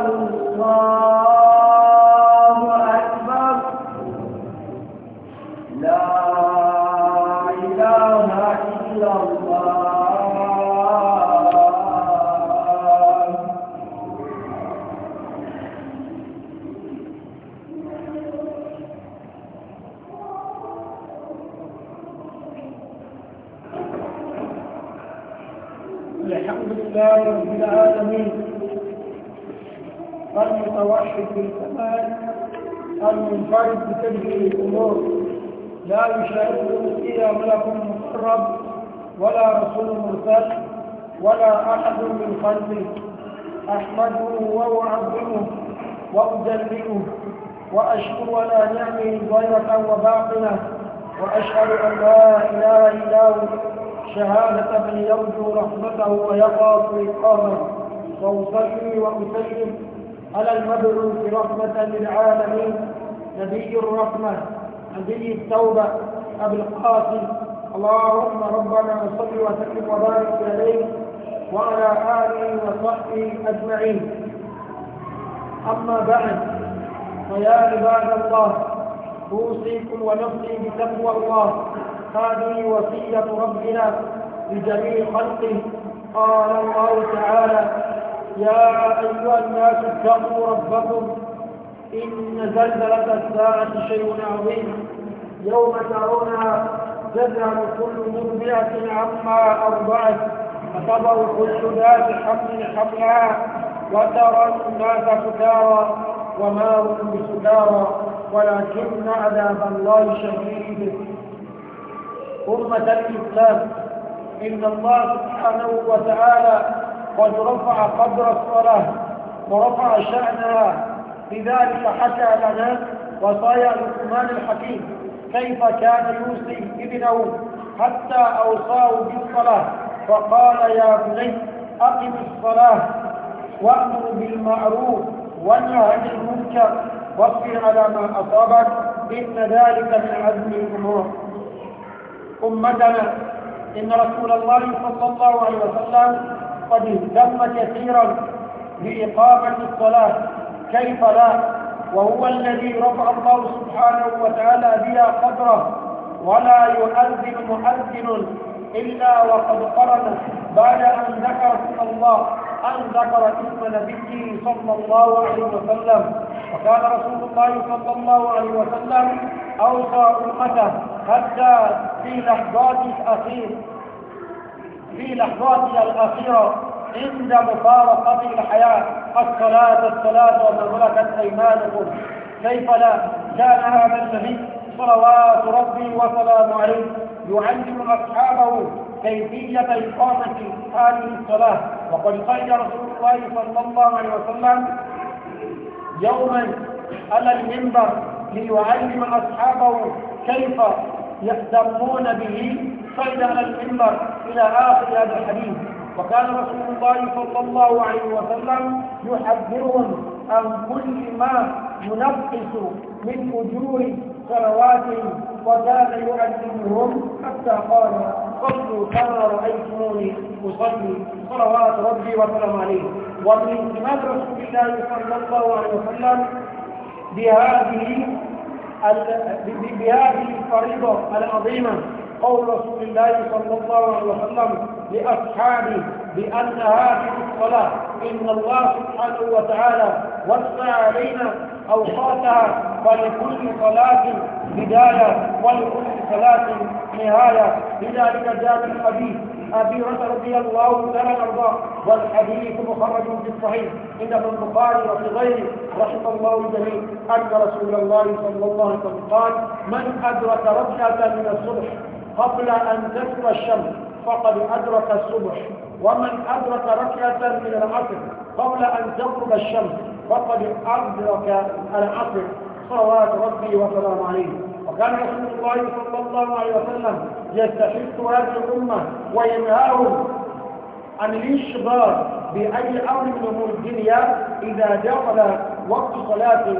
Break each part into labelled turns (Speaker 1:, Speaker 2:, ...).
Speaker 1: الله لا إلا ملك مقرب ولا رسول مرسل ولا أحد من خلقه أحمده وأعظمه وأجلله وأشكر على نعمه ظاهرة وباطنة وأشهد أن لا إله إلا هو شهادة من يرجو رحمته ويخاف عقابه وأصلي وأسلم على المبعوث رحمة للعالمين نبي الرحمة نبي التوبة أبي القاسم اللهم ربنا صل وسلم وبارك عليه وعلى آله وصحبه أجمعين أما بعد فيا عباد الله أوصيكم ونفسي بتقوى الله هذه وصية ربنا لجميع خلقه قال الله تعالى يا أيها الناس اتقوا ربكم إن زلزلة الساعة شيء عظيم يوم ترون تذهب كل مرضعة عما أرضعت وتضع كل ذات حمل حملها وترى الناس سكارى وما هم بسكارى ولكن عذاب الله شديد أمة الإسلام إن الله سبحانه وتعالى قد رفع قدر الصلاة ورفع شأنها لذلك حكى لنا وصايا لقمان الحكيم كيف كان يوصي ابنه حتى أوصاه بالصلاة فقال يا بني أقم الصلاة وأمر بالمعروف وانهى عن المنكر واصبر على ما أصابك إن ذلك من عزم الأمور أمتنا إن رسول الله صلى الله عليه وسلم قد اهتم كثيرا بإقامة الصلاة كيف لا وهو الذي رفع الله سبحانه وتعالى بها قدره ولا يؤذن مؤذن إلا وقد قرن بعد أن ذكر اسم الله أن ذكر اسم نبيه صلى الله عليه وسلم وكان رسول الله صلى الله عليه وسلم أوصى أمته حتى في لحظاته الأخيرة في لحظاته الأخيرة عند مفارقة الحياة الصلاة الصلاة وما ملكت أيمانكم كيف لا كان هذا النبي صلوات ربي وسلامه عليه يعلم أصحابه كيفية إقامة هذه الصلاة وقد قال رسول الله صلى الله عليه وسلم يوما على المنبر ليعلم أصحابه كيف يهتمون به صيد على المنبر إلى آخر هذا الحديث وكان رسول الله صلى الله عليه وسلم يحذرهم عن كل ما ينقص من أجور صلواتهم وكان يعلمهم حتى قال صلوا كما رأيتموني أصلي صلوات ربي وسلم عليه ومن اهتمام رسول الله صلى الله عليه وسلم بهذه بهذه الفريضة العظيمة قول رسول الله صلى الله عليه وسلم لأصحابه بأن هذه الصلاة إن الله سبحانه وتعالى وسع علينا أوقاتها فلكل صلاة بداية ولكل صلاة نهاية لذلك جاء الحديث أبي هريرة رضي الله تعالى عنه والحديث مخرج في الصحيح إن ابن البخاري وفي غيره رحم الله الجميع أن رسول الله صلى الله عليه وسلم قال من أدرك ركعة من الصبح قبل أن تسقى الشمس فقد أدرك الصبح ومن أدرك ركعة من العصر قبل أن تغرب الشمس فقد أدرك العصر صلوات ربي وسلام عليه وكان رسول الله صلى الله عليه وسلم يستحق هذه الأمة وينهاهم الإشغال بأي أمر من أمور الدنيا إذا دخل وقت صلاة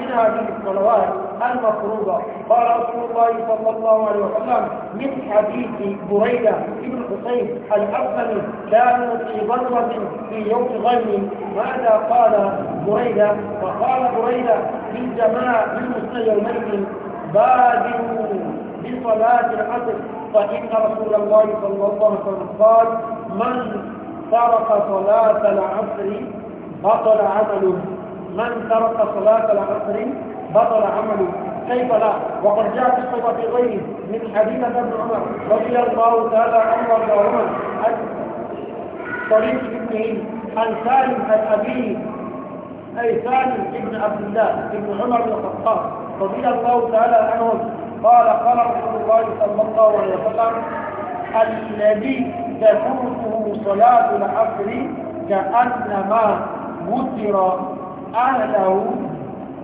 Speaker 1: من هذه الصلوات المفروضة قال رسول الله صلى الله عليه وسلم من حديث بريدة بن حسين الأسلمي كانوا في غزوة في يوم غيم ماذا قال بريدة فقال بريدة للجماعة المسلمين يومئذ بادروا بصلاة العصر فإن رسول الله صلى الله عليه وسلم قال من ترك صلاة العصر بطل عمله من ترك صلاة العصر بطل عمله كيف لا وقد جاء في الصفة غيره من حديث ابن عمر رضي الله تعالى عنه وارضاهما عن طريق ابنه عن سالم عن أبيه أي سالم ابن عبد الله ابن عمر بن الخطاب رضي الله تعالى عنه قال قال رسول الله صلى الله عليه وسلم الذي تفوته صلاة العصر كأنما مطر أهله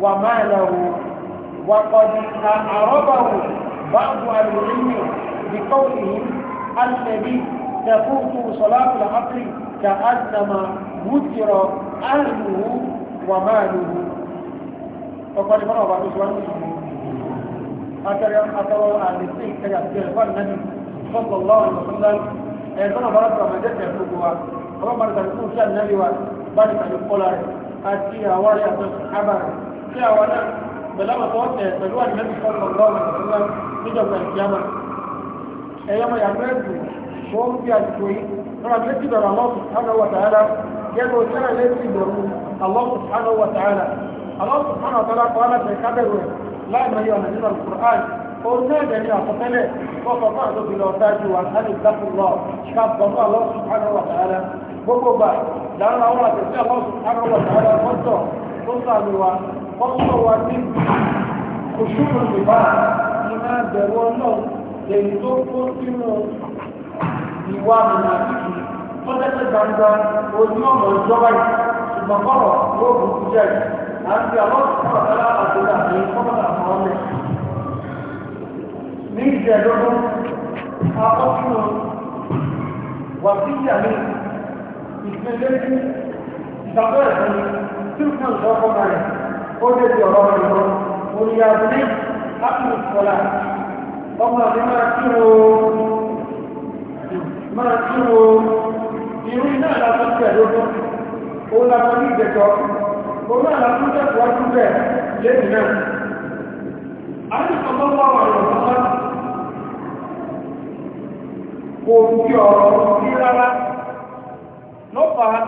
Speaker 1: وماله وقد أعربه بعض العلم بقوله الذي تفوته صلاة العصر كأنما مطر أهله وماله فقال من أبعد سؤال أترى أترى أن السيد أن صلى الله عليه وسلم ẹ̀ẹ́dọ́nà bá lọ́tọ̀ ọmọdé tẹ̀ fún wa ọba bá lọ́tọ̀ fún sí ànábì wa bá ní pẹ̀lú kọ́lá rẹ̀ àti àwọn rẹ̀ àti àbá rẹ̀ sí àwọn náà pẹ̀lú àwọn tó tẹ̀ pẹ̀lú ànábì sọ́kọ̀ lọ́wọ́ àtúnlá níjọba ìkíyàmà ẹ̀yọ́ mọ̀ yàgbẹ́ ẹ̀dùn tó Allah subhanahu wa ta'ala gẹ́gẹ́ òṣèlú lè ti bẹ̀rù Allah subhanahu òun náà jẹ́ ní àkọsílẹ̀ kọ́kọ́ fún àdóbi lọ sáájú wa láti ìdákùnlọ ṣàbọ̀ fún àlọ́ subhanahu wa ta'ala gbogbo gbà lára àwọn àtẹ̀sí àlọ́ subhanahu wa ta'ala mọ́tọ̀ tó sàmì wa mọ́tọ̀ wa ní kòṣùrù ìbá iná bẹ̀rù ọlọ́ èyí tó kó sínú ìwà àmì àti tọ́lẹ́sẹ̀ gbangba ojú ọmọ ìjọba yìí ṣùgbọ́n kọ́rọ̀ ló bùkún jẹ́ àti àlọ́ subhanahu wa ta'ala àti ní ìjẹ̀dọ́gbọ́n akọ́sùn wà sí ìyàmí ìpínlẹ̀ ìgbàgbọ́ ẹ̀sìn tí ó kàn sọ́kọ́ báyìí ó lè di ọ̀rọ̀ rẹ̀ lọ orí abúlé láti ìkọlà ọmọ àti máa kí o máa kí o irú iná àlàfo ìjẹ̀dọ́gbọ́n ó lábọ́ ní ìjẹ̀jọ́ òun àlàfo ìjẹ̀kọ́ ọdún bẹ́ẹ̀ lẹ́yìn náà. kò fi ọ̀rọ̀ sí rárá lọ́pàá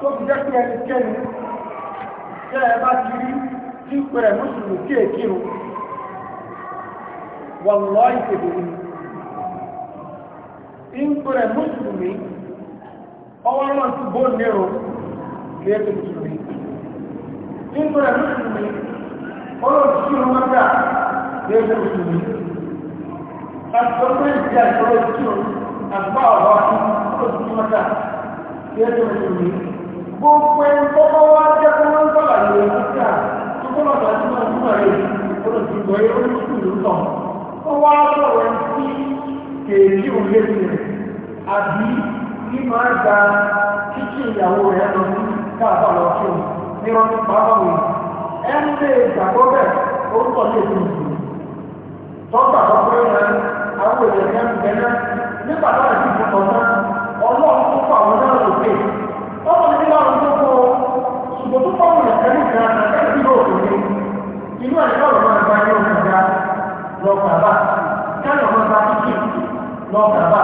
Speaker 1: tó fi jẹ́ pé ẹnikẹ́ni tẹ́ ẹ bá ti rí tí ń pẹ̀rẹ̀ mùsùlùmí kí èkírun wà lọ́ ìpèdè ni ń pẹ̀rẹ̀ mùsùlùmí ọwọ́ náà ti bó nírun kí é tó mùsùlùmí ń pẹ̀rẹ̀ mùsùlùmí ọlọ́ọ̀tí kí ló máa ọdún ìdí àìsọ́rọ̀ tí ó àgbà ọ̀rọ̀ ọdúnmọ́ta tí ó tó ní ní gbogbo ẹgbọ́gbọ́ wá jẹ́ kó wọ́n tọ́lá ní ọdúnmọ́ta tó kọ́ lọ́dọ̀ tí wọ́n tún rẹ̀ ó ti gbọ́ yẹ orí sùúrù lọ ó wá sọ̀rọ̀ sí kèèjì òye rẹ̀ àbí kí máa gba kíkì ìyàwó rẹ̀ lọ sí káàbà lọ sí òun ní ọdún pàápàá ẹ̀ ń lè gbàgbọ́ bẹ́ẹ̀ orúkọ lè àwọn èèyàn náà ń bẹ náà nígbà náà ti fún ọ̀nà ọlọ́run tó fún àwọn náà lókè ọmọ mi nígbà wọn tó fọ ṣùgbọ́n tó fọ́ òun ẹ̀kẹ́ nígbà ẹ̀kẹ́ nígbà òkèlè inú ẹ̀ náà lọ́wọ́ ẹ̀gbá yóò fi ga lọ́kàbà kẹ́lọ̀ máa gba kíkì lọ́kàbà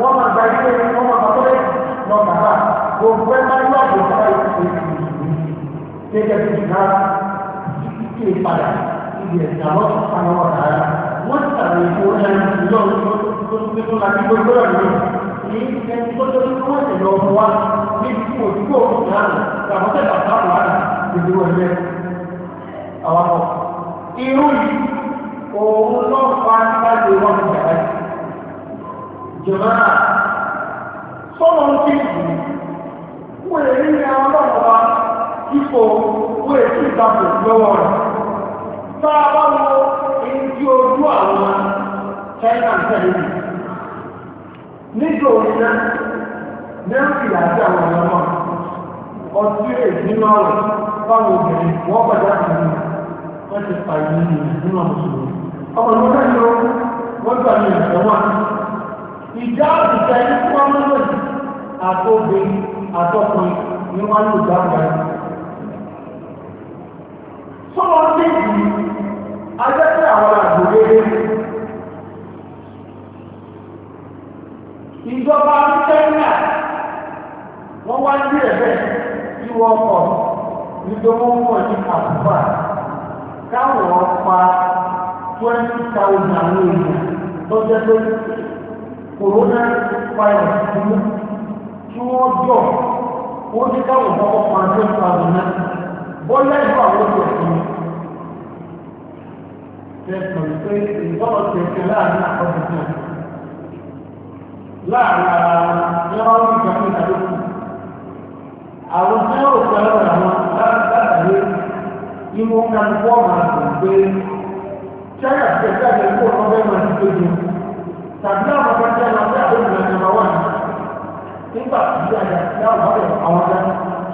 Speaker 1: wọ́n máa gba ilé wọ́n máa gba tọ́lẹ̀ lọ́kàbà gbogbo ẹ̀ máa ń lọ́ Gẹ́gẹ́ bí ìgbà ìdíje ìpadà ìdíje ìdàlọ́sùn wọ́n sàrò ìfowó náà lọ tó tó tó la tó rà lọ. Ní ẹni tó tó tó wọ́n ti lọ fún wa ní ìdíkò ìdíkò náà tàbí tẹ̀ bàtà wà ìdí wọn jẹ. Àwọn Irú yìí, òun lọ fa láti wọn ti dàgbà yìí. Jọba sọ́nà ń kí ìlú. Wọ́n lè rí àwọn ọlọ́run wa ipò wọ́n èsì lọ́wọ́ rẹ̀. Tá bá wọ irú àwọn China ń tẹ̀lé mi nígbà àti àwọn ọmọ ọtí èdè máa fáwọn obìnrin wọ́n pàdé àti
Speaker 2: wọ́n ti pa nínú àwọn òṣèlú ọmọ
Speaker 1: ajẹ́pẹ́ àwọn àgbòye ìjọba kẹ́ńyà wọ́n wá ní ẹ̀bẹ̀ ìwọ ọkọ̀ nítorí wọ́n ní àbúrò káwọn ọpa twenty thousand tó jẹ́ pé corona virus ti mú kí wọ́n jọ ó ní káwọn ọkọ̀ pa náà bọ́lá ìlú àwọn ọ̀sẹ̀ tẹ̀sán pé ìgbọ́dọ̀ ti ẹ̀kẹ́ láàrin àkọ́kọ́ náà láàrin ara wọn ní ìgbà tó dàrú kù àwọn tí wọ́n rò pé ọ̀rọ̀ àwọn látàrí ní wọ́n ká ní wọ́n máa
Speaker 2: dùn pé china ti ẹ̀ka ìlú kó wọ́n fẹ́ máa ti tóbi tàbí àwọn ọmọ tí wọ́n fẹ́ àwọn ìlú ẹ̀ka wà nígbà tí àjà tí àwọn ọmọ rẹ̀ àwọn ọjà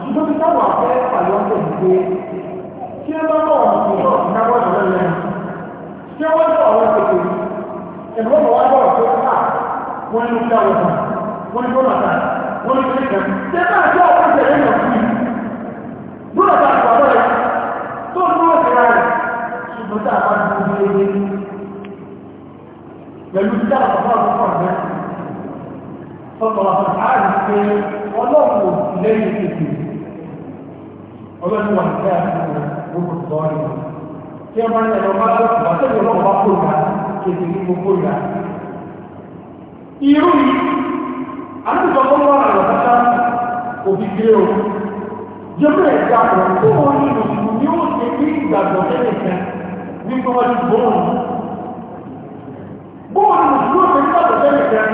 Speaker 2: ṣùgbọ́n tí táwọn afẹ́ pàlọ́ ń tẹ̀lé pé
Speaker 1: kí ẹ bá bọ̀ wọ́n ti lọ́ọ̀ tí wọ́n tọ̀ àwọn tètè yìí ẹ̀rọ mọ̀ wá bọ̀rọ̀ tó ká wọ́n ní ká wọ́n wọ́n ní tó bàtà wọ́n ní kéka tí ẹ náà tó àwọn ìṣẹ̀lẹ̀ náà fún mi lónà tá a tó àbọ̀ rẹ̀ tó ń mú ọ̀sẹ̀ rẹ̀ ṣùgbọ́n tá a bá ti mú ilé ní pẹ̀lú tí a bàbá àwọn ọmọ rẹ̀ sọ̀tọ̀ àwọn àárí pé ọlọ́run lẹ́yìn tètè ọlọ́run wà ní ẹ̀ àti ọ̀rọ̀ tí a máa ń ẹ̀rọ bá lọ bá tẹ̀lé ọlọ́run bá kó ìgbà kéde ní gbogbo ìgbà. irú tó o jẹ́pẹ́ ẹ̀ka ọ̀rọ̀ tó wọ́n ní ìlú ni ó ṣe ní ìgbàgbọ́ tẹ́lẹ̀ kan ní kí wọ́n ti bóun. bóun ni mùsùlùmí ó ṣe ní ìgbàgbọ́ tẹ́lẹ̀ kan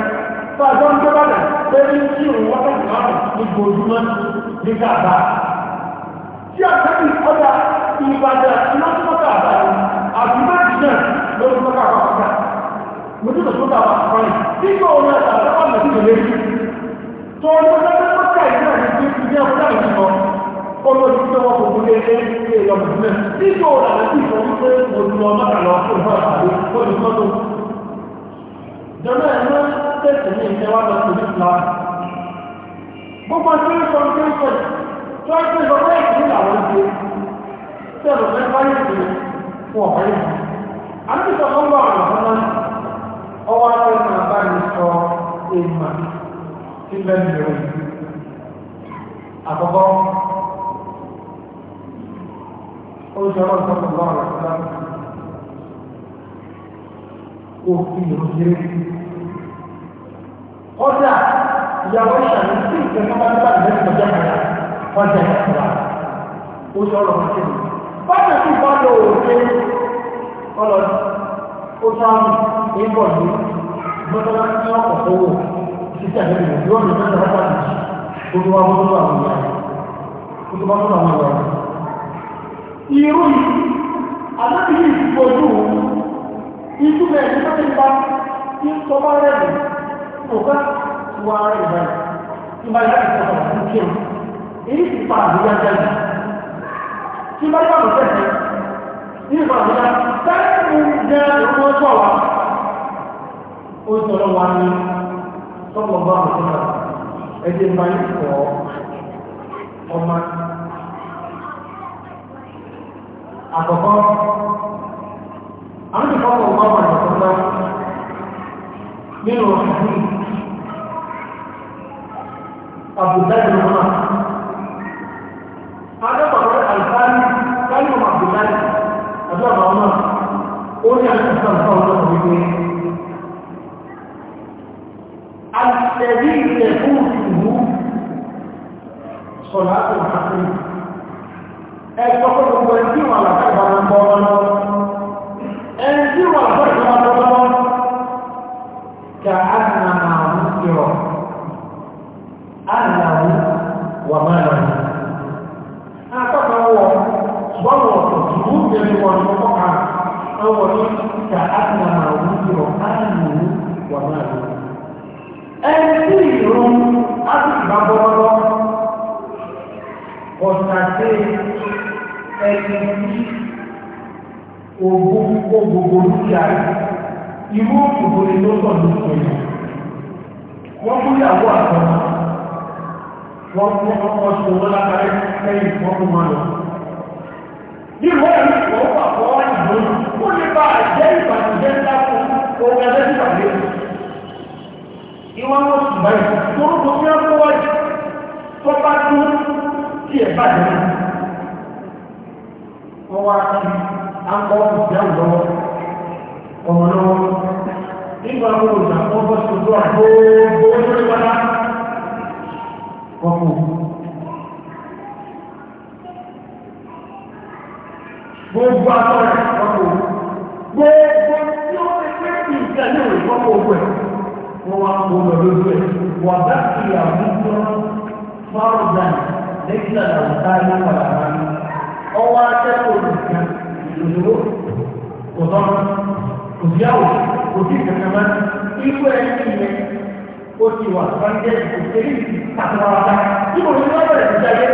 Speaker 1: fún àjọ ń gbé bàbá àti méjì náà lórí tó kápá àpá mo tí kò tó kápá àpá yìí tí kò ní àtàkọ́ àmì sí ìlé tó ní ọjọ́ tó tó ká ìlú àti tí ti jẹ́ ọjọ́ àti sọ ó lọ sí tó wọ́n kò gbé ilé ilé ìlọ mùsùlùmí tí kò ní àti tí ìfọwọ́ pé mo ti lọ mọ́ta lọ fún ìfọ́ àpàdé ó ní mọ́tò jọmọ ẹ̀ náà tẹ̀sí ní ìjẹwà lọ sí ìlú gbogbo tí ó sọ ń gbé ìfẹ́ tó ẹ sọ̀rọ̀ mẹ́fà ìlú fún ọ̀rẹ́ yìí. a ti sọ fún bá ọ̀rọ̀ fún náà ọwọ́ àwọn ọmọ bá mi sọ èèmà tí bẹ́ẹ̀ bẹ̀rẹ̀ àkọ́kọ́ ó sọ ọ̀rọ̀ sọ fún bá ọ̀rọ̀
Speaker 2: fún náà kó fi ìròyìn
Speaker 1: ọjà ìyàwó ìṣàlẹ̀ sí ìtẹ̀síwájú bá ìgbẹ́ ìgbẹ́jọ́ ọjà ìṣàlẹ̀ ó sọ ọ̀rọ̀ lò ó pé ọlọ ó tán ní bọ̀ ní mọ́tọ́lá ní ọkọ̀ tó wò títí àgbẹ̀ ìwò yóò ní mẹ́ta wọ́n pàdé kó tó wá mọ́tò tó àwọn ìyá
Speaker 2: kó tó wá mọ́tò àwọn ìyá
Speaker 1: irú yìí alábìyí ìfojú ikú bẹ́ẹ̀ ní èyí ti pa àdúgbò jáde tí bá yá òfẹ́ nípa àbúrá táìmù jẹ́ ọmọ ọjọ́ wa ó sọ̀rọ̀ wa ní sọ́pọ̀ bá àbúrá ẹgbẹ́ máa ń pọ̀
Speaker 2: ọmọ àkọ́kọ́ àwọn ìfọ́pọ̀ ọmọ ọmọ àkọ́kọ́
Speaker 1: nínú ọ̀sán àbúrá ìrọ̀mọ́ pọ̀ ní ìpínlẹ̀ wọ́n mú ìyàwó vamos wọ́n mú ọkọ̀ sí wọn lápárẹ́ lẹ́yìn wọ́n mú wọn lọ bí wọ́n yà ní wọ́n wà fọ́ ìbò ó lè bá àjẹ́ ìbànújẹ́ vamos fún ọgbẹ́ lẹ́sìpàdé ìwọ́n mú ṣùgbọ́n tó ń wọ́n jẹ́ ìṣèlú àtúnwáwá tí mo ní wọ́n bẹ̀rẹ̀ sí ayé.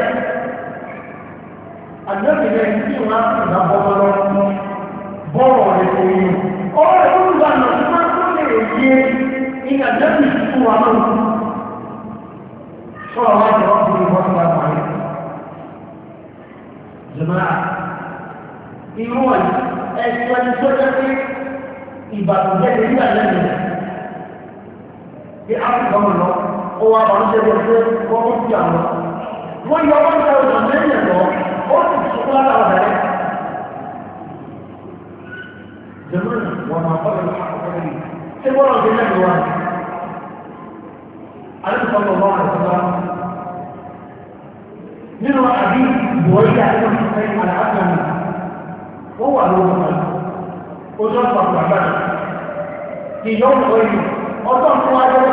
Speaker 2: Àjọyọ̀ ní tí wọ́n á sùn náà bọ́
Speaker 1: lọ́wọ́ bọ́ọ̀rọ̀ rẹ̀ kò yẹ. Ọ̀rọ̀ rẹ̀ ń gbà náà tí wọ́n
Speaker 2: tún lè yé
Speaker 1: ìyá jẹ́bi ìṣú wa lọ. Sọ̀rọ̀ wá jọ ọ́n fún ìwọ́n wa
Speaker 2: wáyé. Jùmọ́ra, irú ọ̀yí ẹ̀sùn ẹni tó jẹ́ pé ìbàdàn jẹ́ ìdílé àlẹ́ mi.
Speaker 1: Bí a kò gbọ́n lọ. ó wá bá ń jẹ́ ẹgbẹ́ wọ́n sí àwọn wọ́n yọ wọ́n yọ ọ̀nà lẹ́yìn lọ ó sì tún wá láwọn rẹ̀ máa bọ́ lọ́wọ́ àkọ́kọ́ wọ́n lọ́ọ́ gbé lẹ́yìn wa alẹ́sọ̀tọ̀ wọn àtúntà nínú àbí ìwọ̀nyí àti ìfẹ́ àlàáfíà wọ́n wà lórí wọn ó lọ́ọ́ pàpàpà ìyọ́nù ọ̀yọ́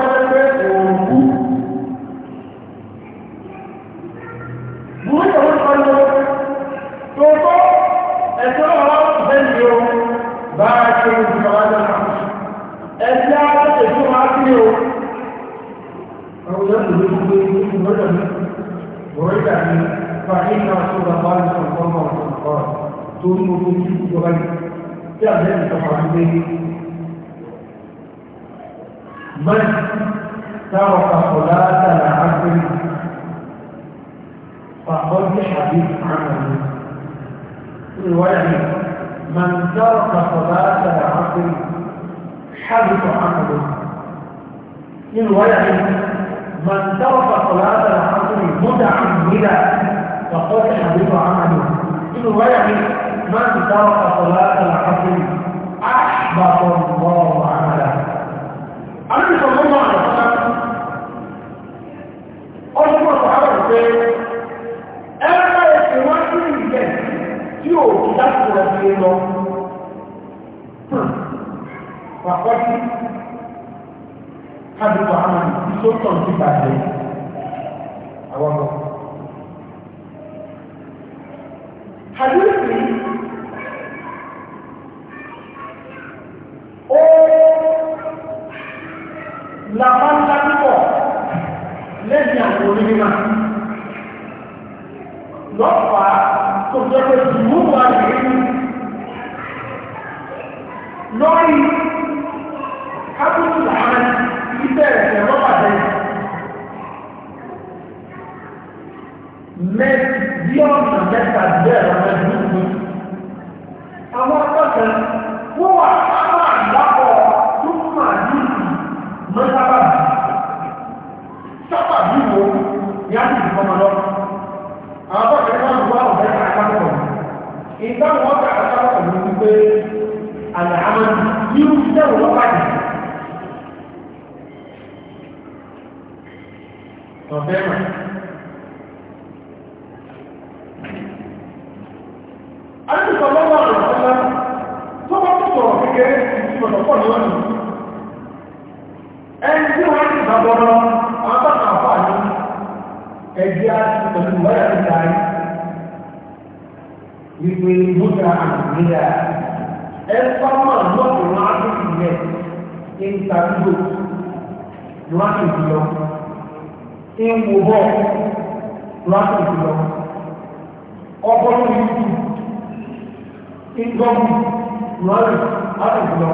Speaker 1: من جاء من من ترك صلاة العبد فقل حديث عمله من ترك صلاة العبد حدث عمله من ترك صلاة العبد متعمدا فقل حديث عمله من الوعي من ترك صلاة العصر أحبط الله عمله النبي صلى الله عليه وسلم أشكر صحابة الزين أنا يسمعني الجن يو كتاب رسيله فقد حدث عمل سلطة في بعدين أولا Hadithi ó làbáńlá púpọ̀ lẹ́yìn àwọn onímọ̀. Lọ́pàá tó jẹ́ pé ìwúwo àìrí lórí kábùkù làwọn ìbẹ̀rẹ̀ ẹ̀rọ pàdé. Mẹ́sì bí ọ̀nà mẹ́ta bẹ́ẹ̀ lọ́wọ́ dúdú. Àwọn akọ́kẹ́ wọ́n wà sábà dábọ̀ túmọ̀ níbi mẹ́tàbà bì. Sábà bí wo ni a ti fi ọmọ lọ. Àwọn akọ́kẹ́ wọn wá ọ̀bẹ àkàkọ̀. Ìgbà wọn kà àkàkọ̀ ní wípé àlẹ́ àmọ́ yíyú sẹ́wọ̀n lọ́pàdé. Ọ̀bẹ́ mọ̀. kéré ti gbọdọ̀ pọ̀ lónìí
Speaker 2: ẹni tí wọ́n ti gbà bọ́rọ̀ àwọn bàbá àfà ní ẹgbẹ́ àti pẹ̀lú wáyà ti darí
Speaker 1: wípé mọ́tà àgbéyà ẹ fọ́nmọ́ lọ́ọ̀dù wọn á tún ìlẹ̀ ìta dúró ni wọ́n á tún ìlọ ìwò bọ̀
Speaker 2: ni wọ́n
Speaker 1: á láti jùlọ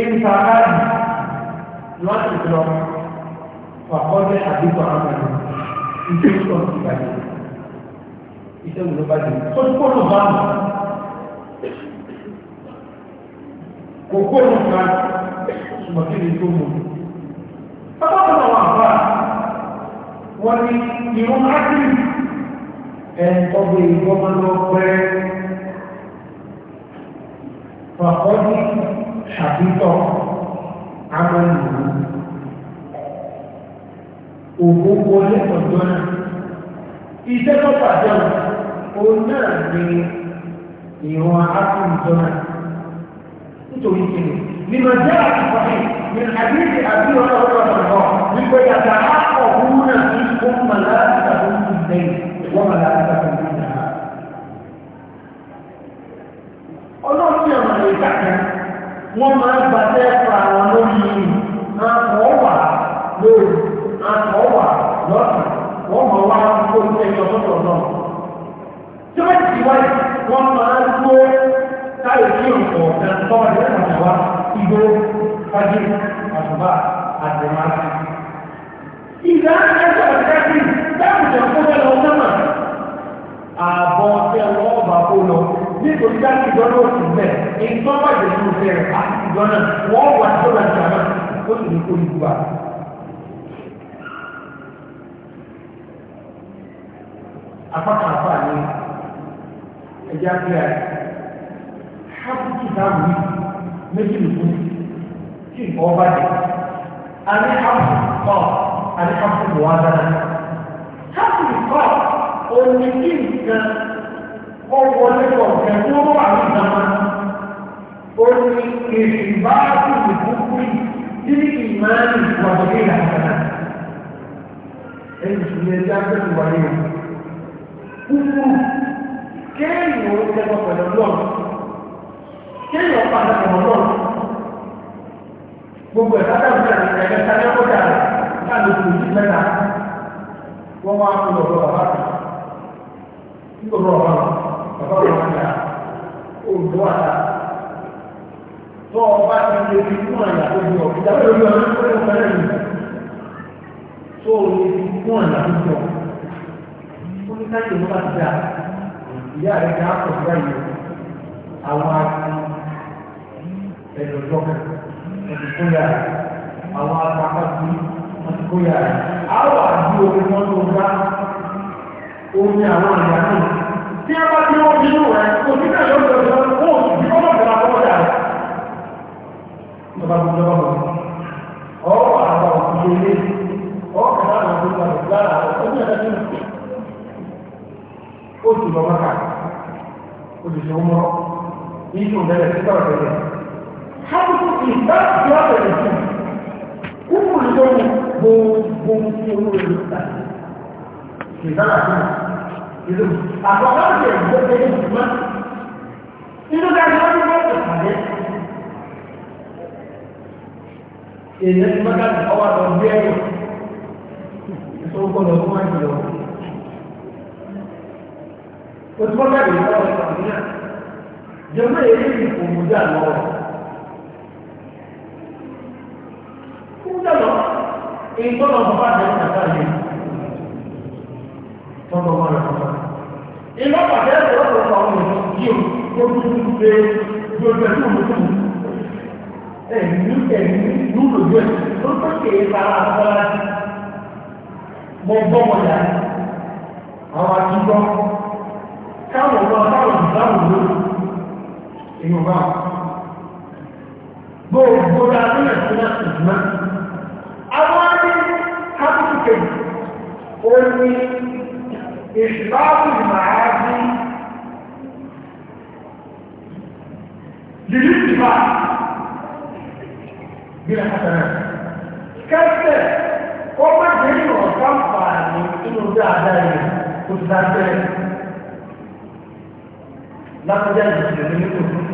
Speaker 1: ìta ààrùn láti jùlọ pàkọ́jẹ́ àdúgbò àwọn ọmọ ìjọ ìṣọ́ ìgbàjẹ́ iṣẹ́ ìlú bá jẹ́ tó kó ló bá mọ̀
Speaker 2: kò kó ló bá ṣùgbọ́n kí ni tó mọ̀ bàbá tó wà wà
Speaker 1: wọ́n ni ìwọ̀n á ẹ̀ẹ́dọ́gbé ìgbọ́mọ́lọ́ pẹ́ pàkọ́dí ṣàbítọ̀ amọ̀nìyàn òkú wọlé ọ̀dọ́ náà iṣẹ́ tó pàjọ́ òun náà ní ìwọ̀n ápùlùjọ náà nítorí kìnnì nínú jẹ́ àtìkọ́sí ní àdéhìí àbí ọlọ́pàá ọ̀dọ́ nígbẹ́ yàtà á ọ̀hún náà ní ìfowópamọ́ láti وملائكته منها ọlọ́run ní àwọn àyíká kan wọ́n máa ń gbàtẹ́ fún àwọn lórí àtọ̀wà lórí àtọ̀wà lọ́sàn wọ́n mọ̀ wá kó ní ẹ̀yọ́ lọ́sọ̀ náà tí wọ́n ti wáyé wọ́n máa ń gbó táyé sí ọ̀pọ̀ ìdánsọ́wọ́ ìdánsọ́wọ́ ìgbó fájú àtùbá àtẹ̀má
Speaker 2: ìdá ẹ̀sọ̀
Speaker 1: kó lọ nítorí láti ìjọ́nà òsì mẹ́ ìtọ́wà ìdòdó bẹ̀rẹ̀ àti ìjọ́nà wọ́n wà tó lọ sí àná ó sì ní kó ìlú wa. apákàpá ni ẹja bí i hábùtù táwùí méjì lùkú kí nǹkan ọba jẹ àní hábùtù kọ àní hábùtù wàhálà hábùtù kọ òní kí nǹkan ó wọlé pọ̀ jẹ́ tó wà nígbàmá ó ní èsì bá tìlù púpù yìí ní ìmáàlì wàlúwẹ̀ ìlànà ẹni sì ní ẹjá pẹ̀lú wáyé o púpù kéèyàn ó tẹ́kọ̀ pẹ̀lú lọ́ọ̀ kéèyàn padà pẹ̀lú lọ́ọ̀ gbogbo ẹ̀ka tó ń bẹ̀rẹ̀ ní sáré ó dà láti kù sí mẹ́ta wọ́n wá kú lọ́dọ̀ bàbá kan nígbà tó ọ̀bá kan ọlọ́run àyà òǹdó àyà tó ọba ti lè fi fún àyà tó bí ọ̀kí dábẹ́ orí ọ̀rẹ́ tó lè fẹ́rẹ̀ mi tó o lè fi fún àyà tó bí ọ̀kí ó ní káyọ̀ ló bá ti dà ìyá rẹ̀ ká pọ̀ sí àyè àwọn àti ẹ̀dọ̀ lọ́kàn ẹ̀dọ̀ tó yà àwọn àpapàdé wọn ti kó yà ń bá ó àwọn àyà náà tí a bá tí wọ́n bínú rẹ̀ òsìkà yóò lọ sí wọn ó sì kọ́ mọ̀ bẹ̀rẹ̀ àkọ́kọ́ dà rẹ̀. ìjọba gbogbo ọmọ bọ̀ ọ́ àgbà òkú ilé
Speaker 2: ọ́ kàdá àwọn tó gbà lọ́wọ́ lára ọ̀sẹ̀ ní ẹ̀dá nínú.
Speaker 1: ó sì lọ mọ́ta ó sì ṣe mọ́ ìṣù bẹ̀rẹ̀ sí kọ̀rọ̀ bẹ̀rẹ̀. hábùkù ìgbà tí wọ́n bẹ̀rẹ̀ sí kúkú lóhùn gbogbo ohun tí olóore ló ta ìgbà ìlú àkọ́kọ́ ṣe ìgbó tẹ́lẹ̀
Speaker 2: ìgbìmọ̀ nínú dájú wọ́n ní wọ́n tó pàdé
Speaker 1: èèyàn ti mọ́ká ní ọwọ́ àtọ̀ bí ẹ̀rọ tó gbọ́dọ̀ fún wọn o ti mọ́ká ní ọwọ́ àtọ̀ jẹ́mọ́ èyí ni kò mú dà lọ́wọ́ kú èyí tó lọ bọ́ bá dẹ̀ ń tàbá tọ́lọ́ wọn lọ iná pàdé ẹ̀rọ ọ̀pọ̀lọpọ̀ àwọn yìí ó tún tún ṣe bí ojú ẹ̀sùn òun tó ẹ̀mí ẹ̀mí lúlò jẹ́ ló tó ṣe é fara fọ́lá sí mo gbọ́ wọn yà àwọn àtúntọ́ káwọn ọmọ táwọn ìbáwò ló inú bá gbogbo dáadọ́nà tí wọ́n ti
Speaker 2: dùn náà àwọn
Speaker 1: ní kápẹ́tù kejì إخلاص المعاصي للاتفاق بلا حسنات كذا وما جري وكم فاني إنه ده عدالي وتنازل لا تجعل المسلمين كفر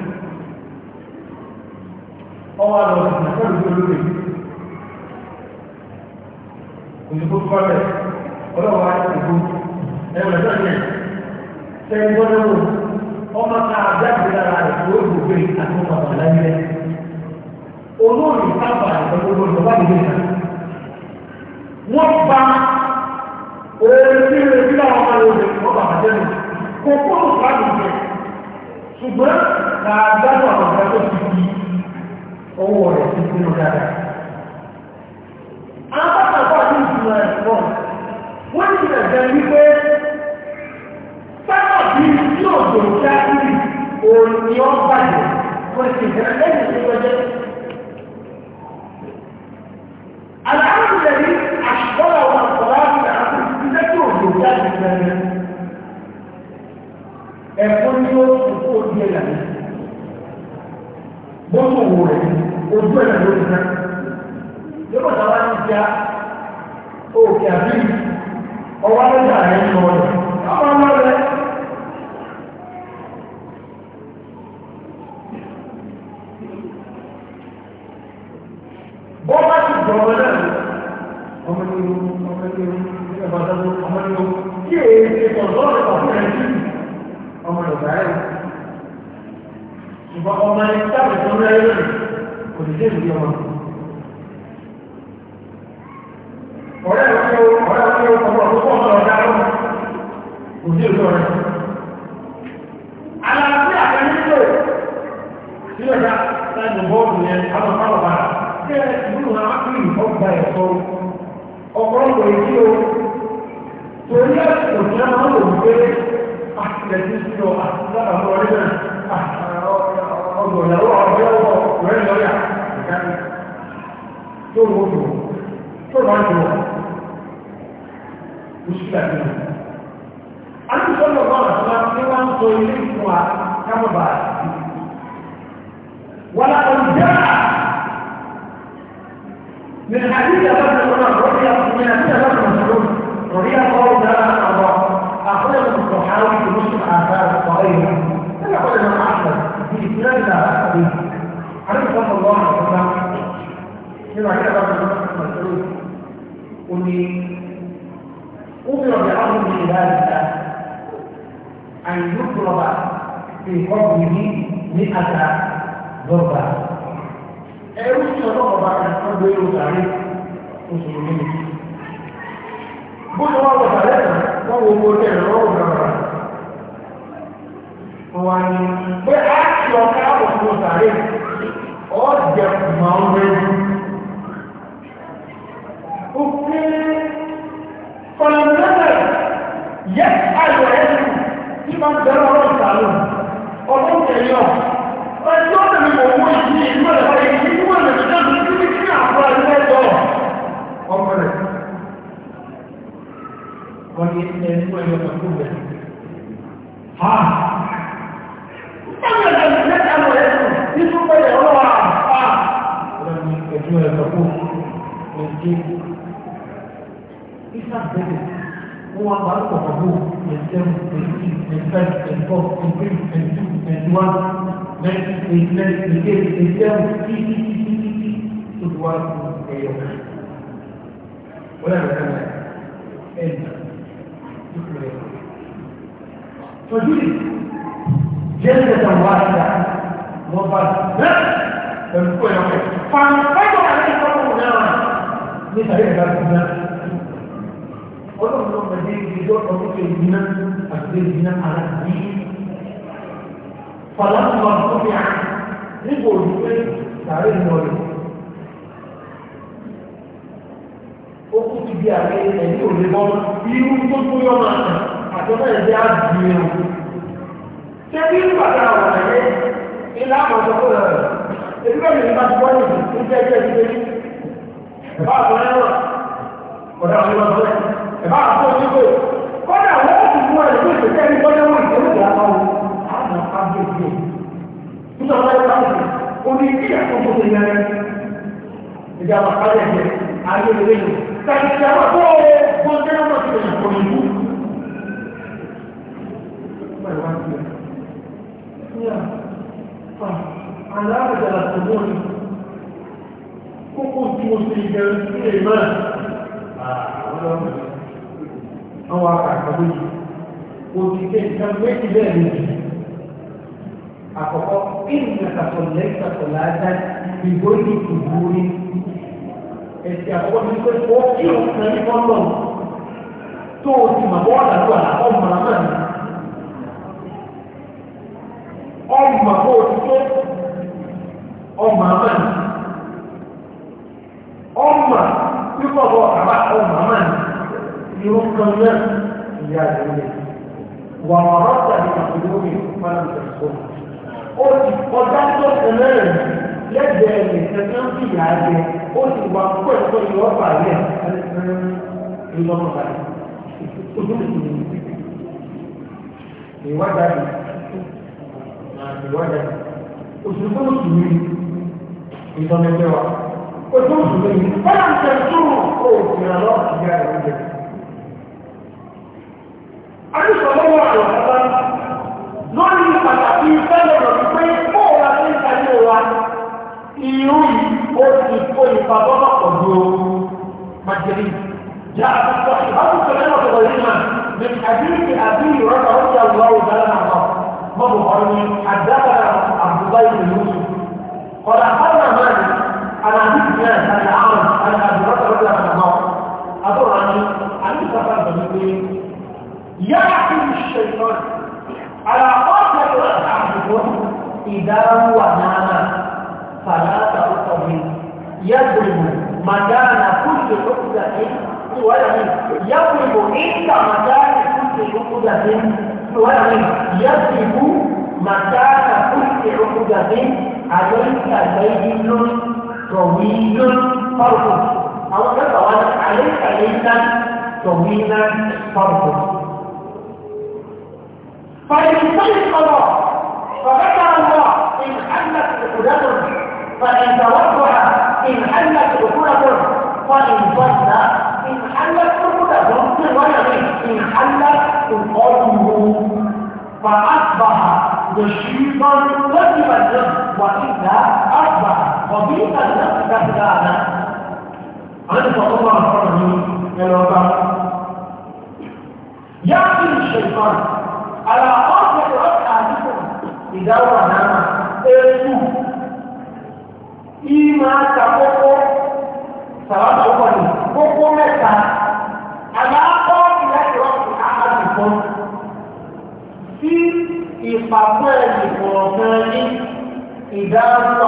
Speaker 1: أو على المسلمين كلهم ويقول قال ولو عاد يقول ẹ̀rọ ẹ̀dọ́ yẹn ṣe ń gbọ́dọ̀ wò ọmọ ká àbíyájú lára o gbogbo yìí àti ọmọ ọ̀gá láyé rẹ̀ olóòrì sábà ìgbàgbọ́dọ̀ ìjọba ìgbé ìgbà wọ́n gba orí rẹ̀ bí láwọn ọmọ rẹ̀ wọ́n bàbá jẹ́ mi kò kúrò sábà jẹ ṣùgbọ́n ká àbíyájú àwọn ọ̀gá tó ti di owó rẹ̀ ti kúrò dáadáa. àwọn bàbá àti ìjùmọ̀ ẹ̀ wọ́n ti wípé olùdákìrì òní ọ̀bàjẹ́ kò sì bẹ̀rẹ̀ lẹ́yìn tó lọ́jọ́. Aláàbùdẹ̀rí àṣọ́lá wa sọ̀rọ̀ àbúrò àbúrò ti dẹ́kun olùdákìrì lẹ́yìn. Ẹ̀fọ́ ni ó kókó di ẹ̀yà. Bọ́sùn wò rẹ̀ ojú ẹ̀yà ló ti náà. بإسلام تعالى به عليه صلى الله عليه وسلم كما كان بعض الناس المسعود قل أمر بعظم عباد الله أن يضرب في قبره مئة ضربة أي وش ضربة بعد أن يضرب عليه مسلمين فجلد جلدة
Speaker 2: واحدة
Speaker 1: مفضلة فنقول يومين
Speaker 2: فانفجر عليه قوم نارا مثل هذا الكلام
Speaker 1: ọlọ́run náà mẹ́lẹ́ ìjọ ọdúnkẹ́ ìdínà àti ìdínà ara ní fàlàfà ọdúnkẹ́ à nígbà òdúnkẹ́ sàárè lọ́rẹ̀ ó kú ti di ààrẹ ẹ̀yìn òlébọ́n irú tó tó yọ máa tàn tó náà jẹ́ àdìyàn. Ṣé bí ìpàdé àwọn àyè
Speaker 2: ilé àmọ̀tọ́ kò rẹ̀? Èmi bẹ́ẹ̀ ni bá ti wọ́n yìí ní jẹ́ jẹ́ ti lórí. Ẹ̀bá àtúnṣe náà kọ̀dá àwọn ọmọ ọ̀sẹ̀. Ẹ̀bá àtúnṣe ní kò. Kọ́dà wọ́n ti
Speaker 1: mú ẹ̀ lórí ìgbésẹ̀ ní kọ́dá wọn ìgbésẹ̀ ní àwọn àwọn àwọn àgbẹ̀ ìgbésẹ̀. Nígbà wọn bá ti ó ní kí àkókò tó yẹ ìjà àpàkálẹ̀ ayé lórí. Tàbí ìjà àpàkọ́
Speaker 2: الوقت
Speaker 1: على أبدا الأمور
Speaker 2: وكنت مسلما
Speaker 1: في الإيمان
Speaker 2: أو أقع قبول
Speaker 1: قلت كيف سميت ذلك أقول إنك صليت صلاة بغير قبول ẹ̀sìn àkọ́kọ́ ti pé ó kí òun náà ní kọ́ńdọ̀mù tó o ti mọ̀ bọ́ọ̀lù àdúrà ọmọ
Speaker 2: àmọ́ àmọ́ ọmọ bó o ti tó ọmọ àmà ní ọmọ
Speaker 1: pípọ̀ bọ̀ àbá ọmọ àmà ní irú kan náà ìyá ìdílé wà ọ̀rọ̀ tàbí àbúrò mi máa ń tẹ̀sọ́ ó ti kọjá tó tẹ̀lé lẹ́gbẹ̀ẹ́ nìkan tó ń fi ìyá jẹ ó ti wà pẹ̀lú ìwọ́pàá yẹn ìlọ́mọ̀ta ojú mi ìwádàá yìí ìwádà oṣù tó oṣù mi ìtọ́mẹ́tẹ́ wa oṣù oṣù mi bọ́lá ń tẹ̀ tó o ìrànlọ́ ìyá rẹ̀ ń jẹ. Adúsọ̀lọ́ wà lọ́wọ́ lórí pàtàkì fẹ́lẹ̀ rọ̀ pé kó o wá sí ìtàgé wa irú o ti kó ipa bọ́lá pọ̀ ju májèlé. Já àtúntò ìbámu ní àdéhùn àbí ìrọ̀lọ́wọ́ ti àwọn ọ̀gá náà بابو هرمي حدثنا عبد الله بن يوسف قال اخبرنا مالك عن ابي سفيان عن العرب عن ابي بكر رضي الله عنه اخبر عني عن سفر بن يحكم الشيطان على قاتل راس عبدكم اذا هو نام فلا تؤتمن يضرب مكان كل عقده ولا يضرب عند مكان كل عقده سؤال مكان كل عقدة عليك ليلا طويلا فإن فلنصل الله
Speaker 2: فذكر الله إن حلت عقدة فإن توضع إن حلت عقدة فإن ضل إن حلت وفي رواية انحل
Speaker 1: القلب فأصبح نشيطا طيب النفس وإلا أصبح وضيق النفس كهدانا عند الله
Speaker 2: سبحانه وتعالى يأتي الشيطان
Speaker 1: على أرض رأس أهلكم إذا ونام إيه إما تقوم ìpàkọ́ ẹ̀yìn kọ̀ọ̀kan ní ìdáhùn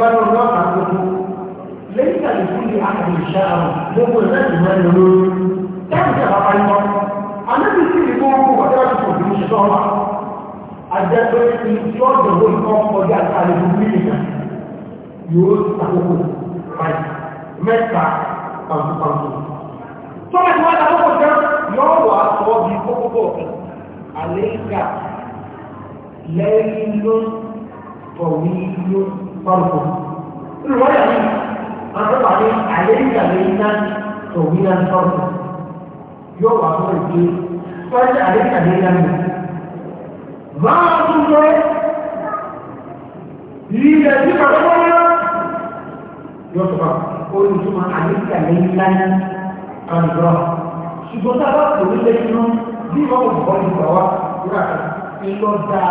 Speaker 1: bá lọ lọ́ọ̀ta gbogbo lẹ́yìn tàbí fún mi àkàdé ìṣá àwọn gbogbo ẹ̀rẹ́ ìmọ̀ ẹ̀rọ lórí táwọn ìṣẹ̀lẹ̀ bá yọ anábì sí ìlú gbogbo wà dáwà tó kò ní sọ́ọ̀mà àjẹpẹ́ ní tí ó dọ̀wọ́ nǹkan ọjà lẹ́yìn ló tọ̀wé ló فرض الرواية دي مرتب عليه عليك بين توبيل الفرض يقع صور الدين فأنت عليك بين المنزل ما أقول ليجب علينا يطبق قول ثم عليك ليلا قدرا ṣùgbọ́n tá a bá kò ní lẹ́yìnú bí wọ́n kò bọ́ ìgbà wa rà ìlọ́dà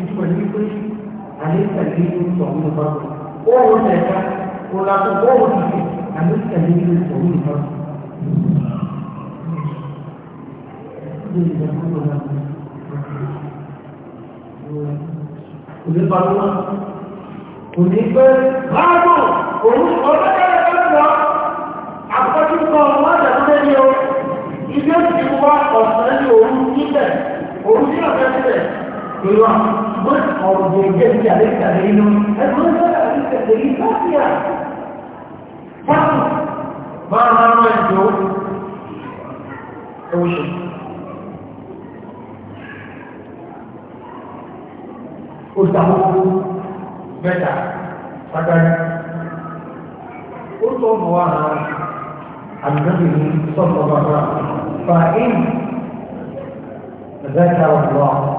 Speaker 1: ìtumọ̀ ní pé أليس الدين طويل برضه هو سيكون ولا تقوم به أليس الدين طويل برضه
Speaker 2: Òní balùwà, òní pé báàbò, òun
Speaker 1: ọ̀rẹ́ ẹ̀kọ́ àpọ́júkọ ọmọdé ọdẹ́ ni ó, ilé ìwá ọ̀sán ní òun níbẹ̀, òun ní ọ̀fẹ́ sílẹ̀, lórí wà. أصبح أو جلت عليك دليل المنزل عليك دليل باقية فقط ما ما يجوز أو شيء قلته متى فقد قلت الله عن نبيه صلى الله عليه وسلم فإن
Speaker 2: ذكر الله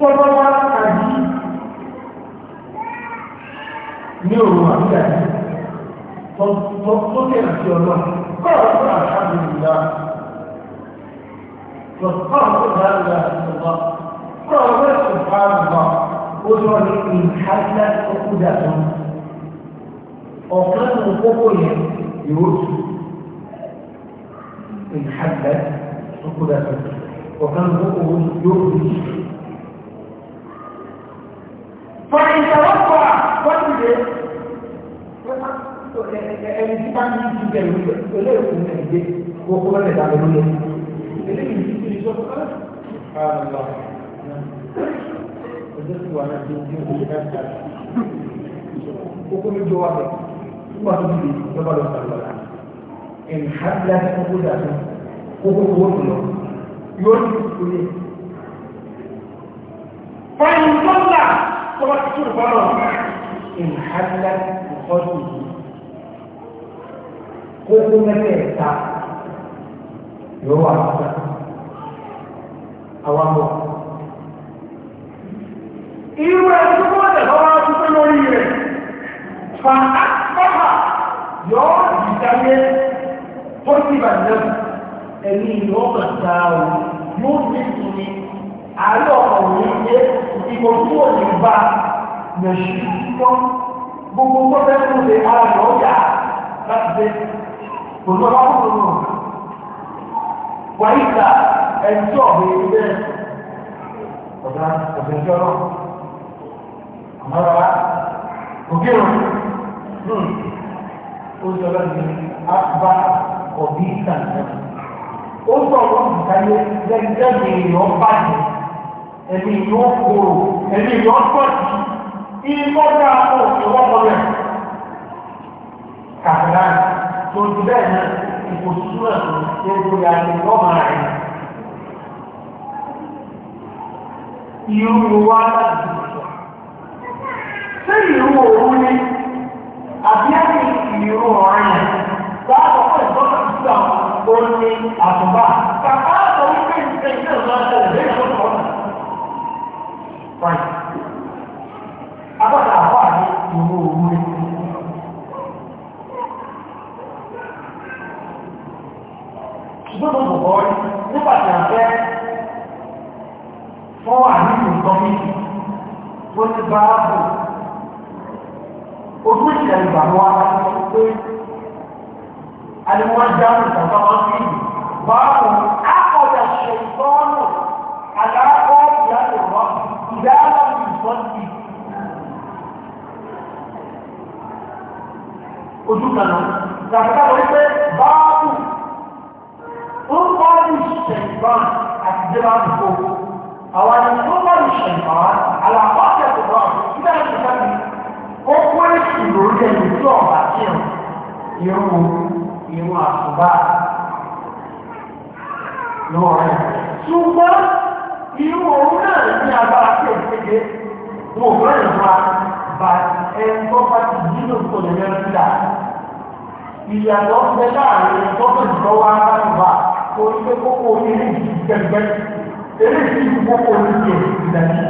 Speaker 1: tọ́lọ́ wá tàbí ní òru àbíyà tó tẹ̀lé sí ọlọ́ báwo ló àṣà mi nìyá lọ́pàá tó bá ń gbà lọ́pàá báwo ló sì bá ń gbà ó sọ ní ìhàlá ọkú dàtọ́ ọ̀kan ní kókó yẹn yóò tù ìhàlá ọkú dàtọ́ ọ̀kan ní kókó
Speaker 2: yóò tù.
Speaker 1: ṣe ẹni tí bá ní ju bẹ̀rù olóyè fún mi ìdè gbogbo ọ̀rẹ́ ìdá lórí ẹ̀. eléyìí ti fi sọ fún ọ́. ojú ti wà láti ojú ìwé ẹ̀ka kókó mi jọ wà bẹ̀ nígbà tó ti di lọ́ba lọ sọ̀rọ̀ la ẹ̀yìn hábílá ti kókó dà tó kókó owó tó lọ yóò ní ìkúlẹ̀. fọyín tó ń là tọ́wọ́ ti tún ìbọn náà ìhàlá ìkọ́sùn kókó
Speaker 2: mẹ́tẹ̀ẹ̀ta yóò wà lọ́sà àwọn àbọ̀.
Speaker 1: irú ẹni tó wọ́n tẹ̀sán wá tuntun lórí rẹ̀ fa àkọ́kọ́ yóò dìdáyé tó ti bàjẹ́ ẹ̀mí yóò kàn sáà o yóò fi tuni àárẹ̀ ọ̀pọ̀ òní jẹ́ ìkòkò òní bá a yẹ̀sí tọ́ gbogbo tọ́lẹ̀ tó lè ara lọ yà láti dé òun ọba kò lọ. wàyí ta ẹjọ́ mi bẹ́ẹ̀ ọ̀dà ọ̀dẹ̀jọ́ náà àmọ́ra òkè òun hmm. ó sọ lọ́dún àbá ọ̀bí ìtàn náà ó sọ̀rọ̀ ìtàlẹ̀ gẹ́gẹ́ bí èèyàn bàjẹ́ ẹ̀mí ìyọ́ kòrò ẹ̀mí ìyọ́ pọ̀jù ìkọ́jà àwọn òṣèwọ́pọ̀ rẹ̀ kàkàrà tó ti bẹ́ẹ̀ náà ipò súnmọ̀ tó gbogbo ya ní ọmọ rẹ̀ irú wa láti sọ sí irú òun ni àbí àti irú ọ̀rẹ́ yẹn bá àkọ́kọ́ ìgbọ́nà títà ó ní àtúbà kàkàrà tó ń pè ní ẹgbẹ́ wọ́n wà nínú gọ́ọ̀mìtì wọ́n ti bá ààbò ojú ìṣẹ̀lẹ̀ ìgbà wa pé aliwọ́n dáhùn ìjàmbá wọn fi báàbò àkọ́jà ṣèǹtọ́nù àlàáfọ́ ìyáàlú wọn ìdáàbò
Speaker 2: ìsọ́ọ̀tì ojú kan náà wọ́n pé báàbò
Speaker 1: ń bá ìṣẹ̀lẹ̀ ìgbà àti débàbò kò. أو أن ينظر الشيطان على قاعدة الرأس إذا لم
Speaker 2: يسمي أول شروط الإسلام بعدين
Speaker 1: يوم يوم الصباح lọ́rẹ́ ṣùgbọ́n irú òun náà ní agbára tí èyí kéde wọn ò fẹ́ ìwà bá ẹgbọ́n bá ti nínú ìkọlẹ̀ mẹ́rìndà ìyàtọ̀ ń bẹ láàrin bá ti bọ́ wá bá ti wà orí pé kókó onílé yìí gẹ́gẹ́ eléyìí ti wọ́n kó ní
Speaker 2: ìyẹn ìdájí.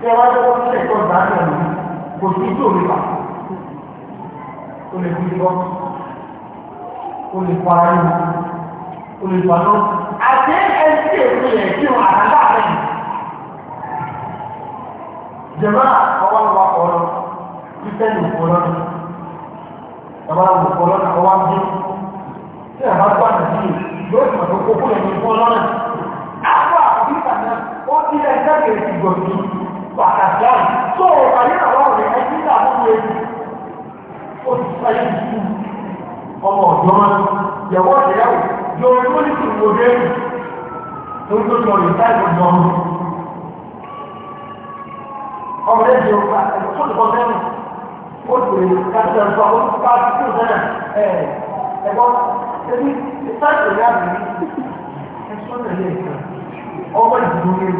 Speaker 1: Ṣé wá lọ́wọ́ sí ẹ̀kọ́ ìdájọ́ mi? Kò sí tó lè wà. O lè fi lọ. O lè pa ara yìí. O lè pa lọ. Àti ẹni tí èmi yẹn kí
Speaker 2: wọn àdá rẹ̀.
Speaker 1: Jẹ̀mọ́ ọwọ́ ni wọ́n kọ́ lọ. Títẹ́ ní òkú lọ́nà. Bàbá òkú lọ́nà ọwọ́ á dé. Ṣé ẹ̀ bá gbàgbé sí yóò sì tó kó lẹ́yìn fún ọlọ́nà. na àbíkà náà, ó ti lẹ́ jáde ìgbò sí pàtàkì àrùn. Tó ayé àwọn mú
Speaker 2: Ó ti sáyé ìsú
Speaker 1: ọmọ ọ̀dọ́ máa yẹ̀wọ́ ìyàwó yóò rí dé Tó tó mẹ́rin. Ó ti ẹbí ìfáàtì ìyá mi ẹ̀sọ́ tẹ̀lé ẹ̀ka ọwọ́ ìdìbò yẹn.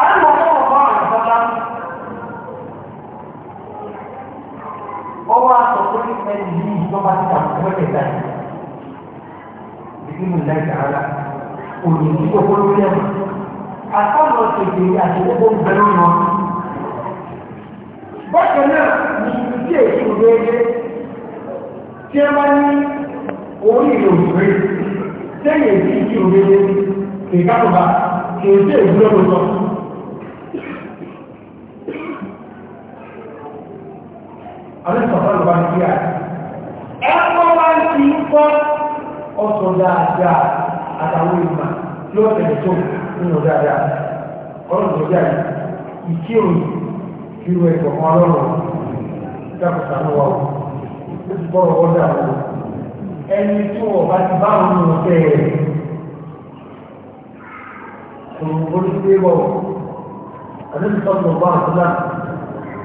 Speaker 1: àwọn ọmọ ọmọ àgbàlá ọwọ́ aṣọ tó ní ẹni yìí ìjọba ti ta ọwọ́ ẹ̀ka yìí. ìdílé ìlà ìdára òní ní owó lórí ẹ̀wọ̀n. àkọlù ọ̀sẹ̀dè àti owó ń bẹ lónìí. bákan náà ní ìdílé ìṣòro ẹgbẹ́ tí ẹ bá ní orí ìròyìn tẹ́yìn èdè ìdí òmìnir
Speaker 2: kìkàtùbà kì í sí bá kí
Speaker 1: àti ẹ̀kọ́ bá ń ọ̀sọ̀ dáadáa àtàwọn ìgbà tí ó tẹ̀lé tó nínú dáadáa ọ̀rọ̀ tó jáde ìkíròyìn irú ẹ̀kọ̀ọ̀kan ọlọ́run dákùsà lọ́wọ́ ó ti bọ́rọ̀ ọ́dà o ẹni tí wọ́n bá ti bá òun lọ tẹ̀ ẹ̀ òun ti gbé bọ̀ àdébí sọ́kùn ọ̀gbọ́n àtúnlá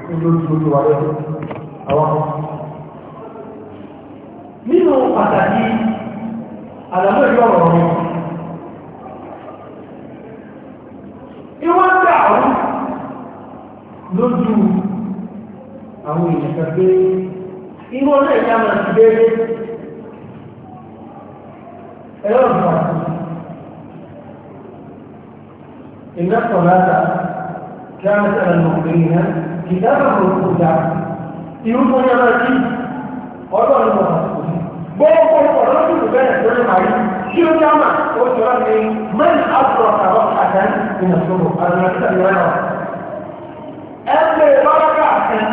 Speaker 1: ní lójúlójú wa lẹ́nu àwọn ọmọ. nínú pàtàkì àdàmú ìlú ọ̀rọ̀ mi ìwọ́n dà lójú àwọn èèyàn kan irú ọ̀nà ìjà máa ti
Speaker 2: déédé ẹ̀rọ ìgbà
Speaker 1: ìná sọ̀rọ̀ kí a máa tẹ̀lé ọ̀gbìn iná kì í dábàá kò kò dá irú tó yára sí ọ̀dọ̀ ìmọ̀ gbogbo ọ̀dọ́ tó kù bẹ́ẹ̀ tó ní màrí kí ó yá máa ó jọra ní mẹ́rin àbúrò àbọ̀ àdáyé ìnàṣọ́rọ̀ àdúrà títà ìrẹ́wà ẹgbẹ́ ìbára káàkiri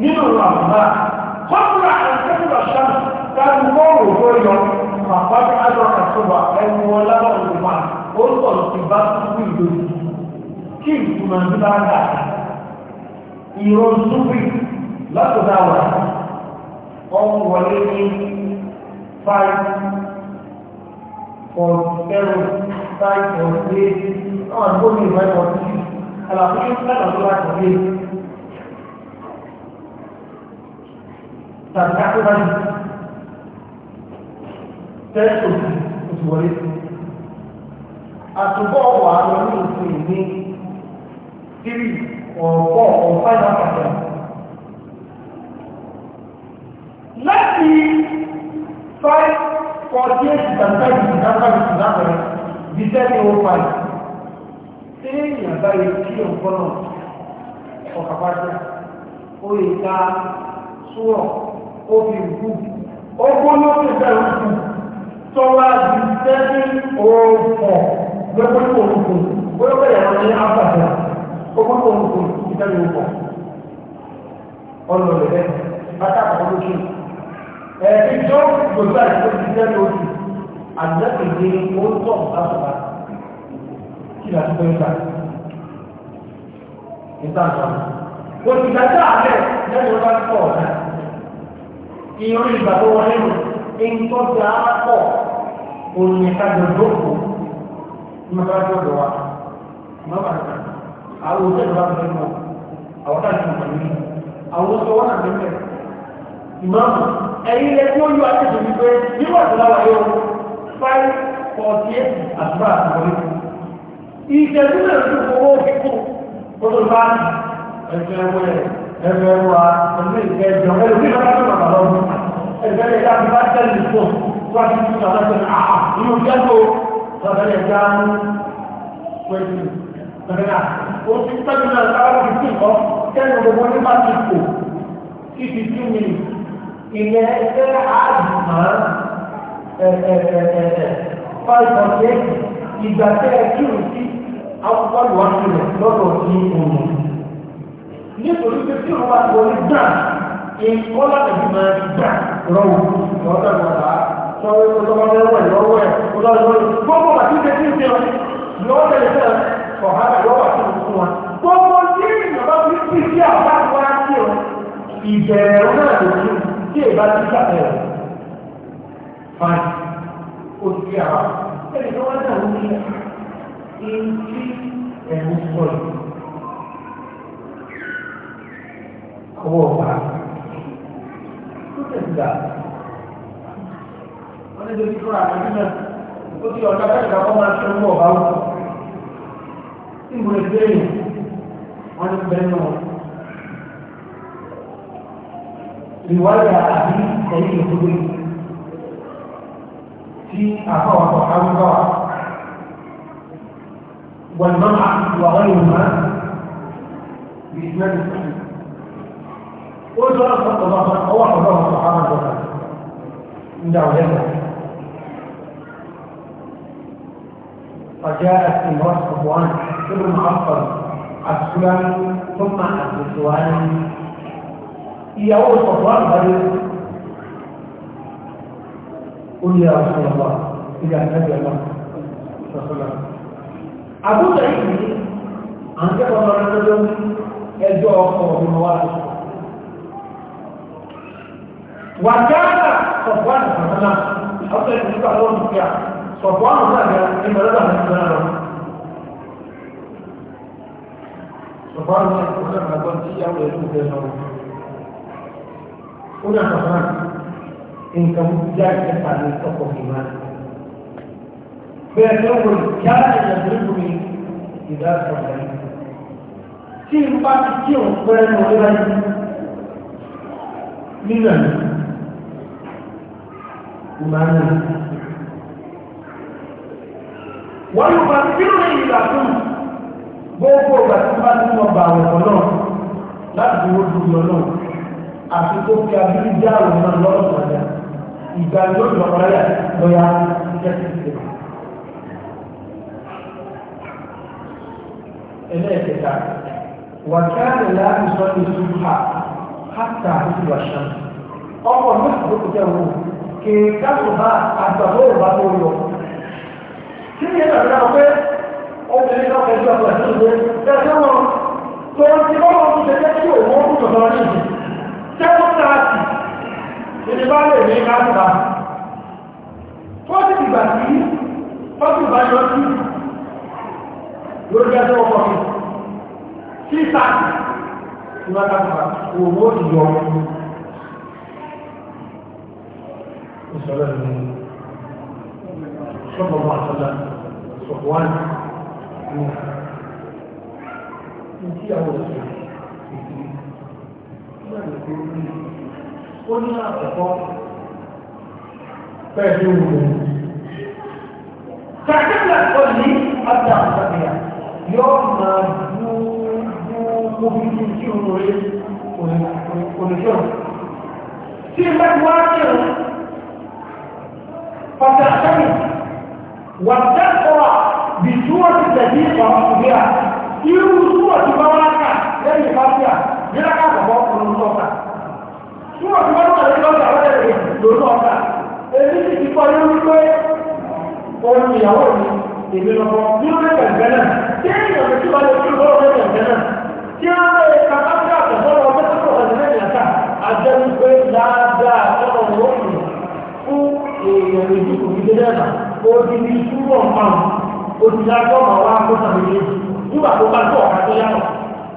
Speaker 2: nínú àmà
Speaker 1: kọ́kúrà àìsẹ́kùrà sàn dájú mọ́rùn tó yọ àpájá àjọ àtúbà ẹnu ọlábà òmà ó sọ sí bá túbú ìlú kí ìtumọ̀ ní bá dà ìrọ̀ súbì látọ̀dá wà ọmọ wọlé ní five for seven five for eight náà gbóni ìwé ọtí àlàfo ní sẹ́nà tó láti dé tàbí kápẹ́ báyìí tẹ́sítò oṣù wọlé àtúbọ̀ wà lọ ní òfin ìní tírì ọ̀pọ̀ ọ̀fáìlà pàtàkì láti five forty eight tàbí ìdáfàbí bí sẹ́ni ó fà tí èèyàn bá kí ọ̀pọ̀ náà jẹ́ ó yẹ ká súwọ̀n ó fi kú ó kó lókè bẹ́ẹ̀ kú tọ́lá di seven oh four lọ́pọ̀ ní òkùnkùn ó lọ́pọ̀ yàrá ní áfàdà ó kó lókè òkùnkùn ìtẹ́lẹ̀ òkùn ọlọ́lẹ̀ rẹ̀ bàtà àkọ́lókè ẹ̀ẹ́dì tó gbogbo àìsàn ti tẹ́lẹ̀ òkùn àjẹ́kèdè ó tọ̀ lásọ̀tà kí ni àtúntò ìgbà ìtàn sọ̀rọ̀ òṣìṣẹ́ àlẹ́ lẹ́yìn ọba ń pọ̀ ọ̀dà iye orí ìgbà tó wọlé nù ẹnkọ́ ti ara pọ̀ òyìnká gbogbo kù nígbà tó dọ̀ wa mọ́bà nìkan àwọn òṣèlú bá fi mọ̀ àwọn tá ìlú mọ̀ nínú àwọn oṣù wọn àti ẹgbẹ́ ìmọ̀ọ́mù ẹ̀yìn ilẹ̀ tí ó yọ àti ìdòwì pé nígbà tó láwà yóò five forty eight àtúbà àtúbọ̀lé ẹ̀fẹ̀ wa pẹ̀lú ìfẹ́ jọ ẹ̀rù bí wọ́n bá tó bàbá lọ́wọ́ ẹ̀fẹ́ lè dáa bí wọ́n tẹ̀lé ìfọ̀ tó wá sí fún bàbá tó ní àà inú gẹ́gbó bàbá lè dá mú pẹ̀lú bàbá ó ti pẹ́lú náà sáwọ́ ti fún ìkọ́ tẹ́lẹ̀ gbogbo nípa ti kò kí ti tún mi ìyẹn ẹgbẹ́ àdùnmá fáìfọ̀tẹ́ ìgbà tẹ́ ẹ kí o sí sílẹ̀
Speaker 2: lọ́dọ̀ sí òun
Speaker 1: nítorí pé tí òun bá ti wọlé gbà nǹkan láti máa gbà rọrùn lọ́dọ̀ ìwọ̀nba sọ́wọ́ ìwọ̀nba lọ́wọ́ ẹ̀ lọ́wọ́ ẹ̀ lọ́wọ́ ẹ̀ gbogbo àti ìṣe tí ń ṣe lọ́wọ́ tẹ̀lé tẹ̀ ọ̀hánà lọ́wọ́ àti ìṣún wa gbogbo tí ìjọba fi ti sí àbáwá sí ọ ìbẹ̀rẹ̀ náà ló ti tí ìbá ti sàbẹ̀rẹ̀ fáì ó ti àwọn ẹni tó wá náà ń bí ẹni tí ẹ̀rù sọ̀rọ̀
Speaker 2: owó ọ̀pá tó tẹ̀sí dà
Speaker 1: wọ́n ní lórí fúnra àti náà ó ti ọ̀dọ́ fẹ́ẹ̀ ká wọ́n máa ṣe owó ọ̀bá wù tí mo lè bẹ́ẹ̀ wọ́n ní bẹ́ẹ̀ náà ìwádìí àbí ẹ̀yìn ìdúgbò tí àfọwọ́ àwùjọ والمرأة وغيرها بإسناد الصحيح ó lọ ọwọ́ àwọn ọmọ sàhábà jọba ìjà òjẹ́ náà فجاءت امرأة صفوان بن معطل السلمي ثم النسواني ìyàwó صفوان بن قل يا رسول الله إلى النبي الله صلى الله عليه وسلم أبو سعيد عن كتب الرجل يجوع أخوه من وارث wàjáàlà sọ̀fọ́nù sọ̀tọ́nà ọ̀sẹ̀ ìdíkà lọ́wọ́ ní kíá sọ̀fọ́nù sàgbà ní mẹ́lẹ́dà ní ìgbẹ́nà lọ. sọ̀fọ́nù sọ̀tọ́nà àgbọ̀n tí ìyàwó rẹ̀ ló fẹ́ lọ. ó ní àkàtà nǹkan já ìjẹta ní ọkọ̀ ìmá. bẹ́ẹ̀ ni ó wọ ìjà ìjàdúrógùnmi ìdá sọ̀tọ́nà. tí n bá ti kí òun pẹ́rẹ́ ní nínú ẹ̀mí معنى ويفكرني إلى كل gbogbo ìgbà tí bá ní ọba àwọn náà láti dúró dúró lọ náà àti tó fi abúlé já àwọn náà lọ́rọ̀ padà ìgbà yóò lọ padà lọ́yà iṣẹ́ ti ṣe. ẹlẹ́ẹ̀kẹta wà kí á lè láti sọ ní ṣùgbọ́n hàtà àti ìwà ṣan ọkọ̀ náà ló kọjá wọn kèéká tó bá àgbàdo òbá tó lọ. Kí ni ẹ̀rọ náà pé obìnrin náà kẹjú ọ̀pọ̀ ẹ̀sìn ìgbé tẹ́lẹ̀ wọn tó ń ti bọ́lọ̀ tó ṣe jẹ́ kí òun ó kú tọ̀tọ̀ ní ìdí. Tẹ́lẹ̀ tààtì ìdí bá lè ní ká gbà. Wọ́n ti dìgbà
Speaker 2: sí fọ́tù bá yọ sí lórí ẹjọ́ ọkọ̀ mi. Títà ìwádàgbà òun ó ti yọ ọkùnrin.
Speaker 1: sọ́lá ní sọ́bọ̀ wà sọ́lá sọ̀kọ̀ wà ní
Speaker 2: ìdí àwọn òṣèlú
Speaker 1: ó ní àkọ́kọ́ pẹ̀lú òun. Kàkẹ́lẹ̀ kan ní ọjà àgbàgbà yóò máa bú bú mọ́bílì tí òun rẹ̀ oníṣẹ́. Tí ẹ bá wá kí òun فتعتمد وتقرا بسوره التي قرات بها irú súwọ̀ tí bá wá kà lẹ́yìn fásitì nígbà káàkọ́ ọ̀run lọ́ta súwọ̀ tí wọ́n tàbí lọ́ta wọ́n lè lòó lọ́ta èyí sì ti kọ́ ní wípé
Speaker 2: ohun ìyàwó mi èmi lọ́kọ́ ní ó lè tẹ̀gbẹ́ náà tí èèyàn tó ti bá lè fi lọ́wọ́
Speaker 1: lè tẹ̀gbẹ́ náà dẹ́nà odi ní túbọ̀ mọ́ òtítà tó máa nígbà tó bá tó ọ̀ka yàtọ̀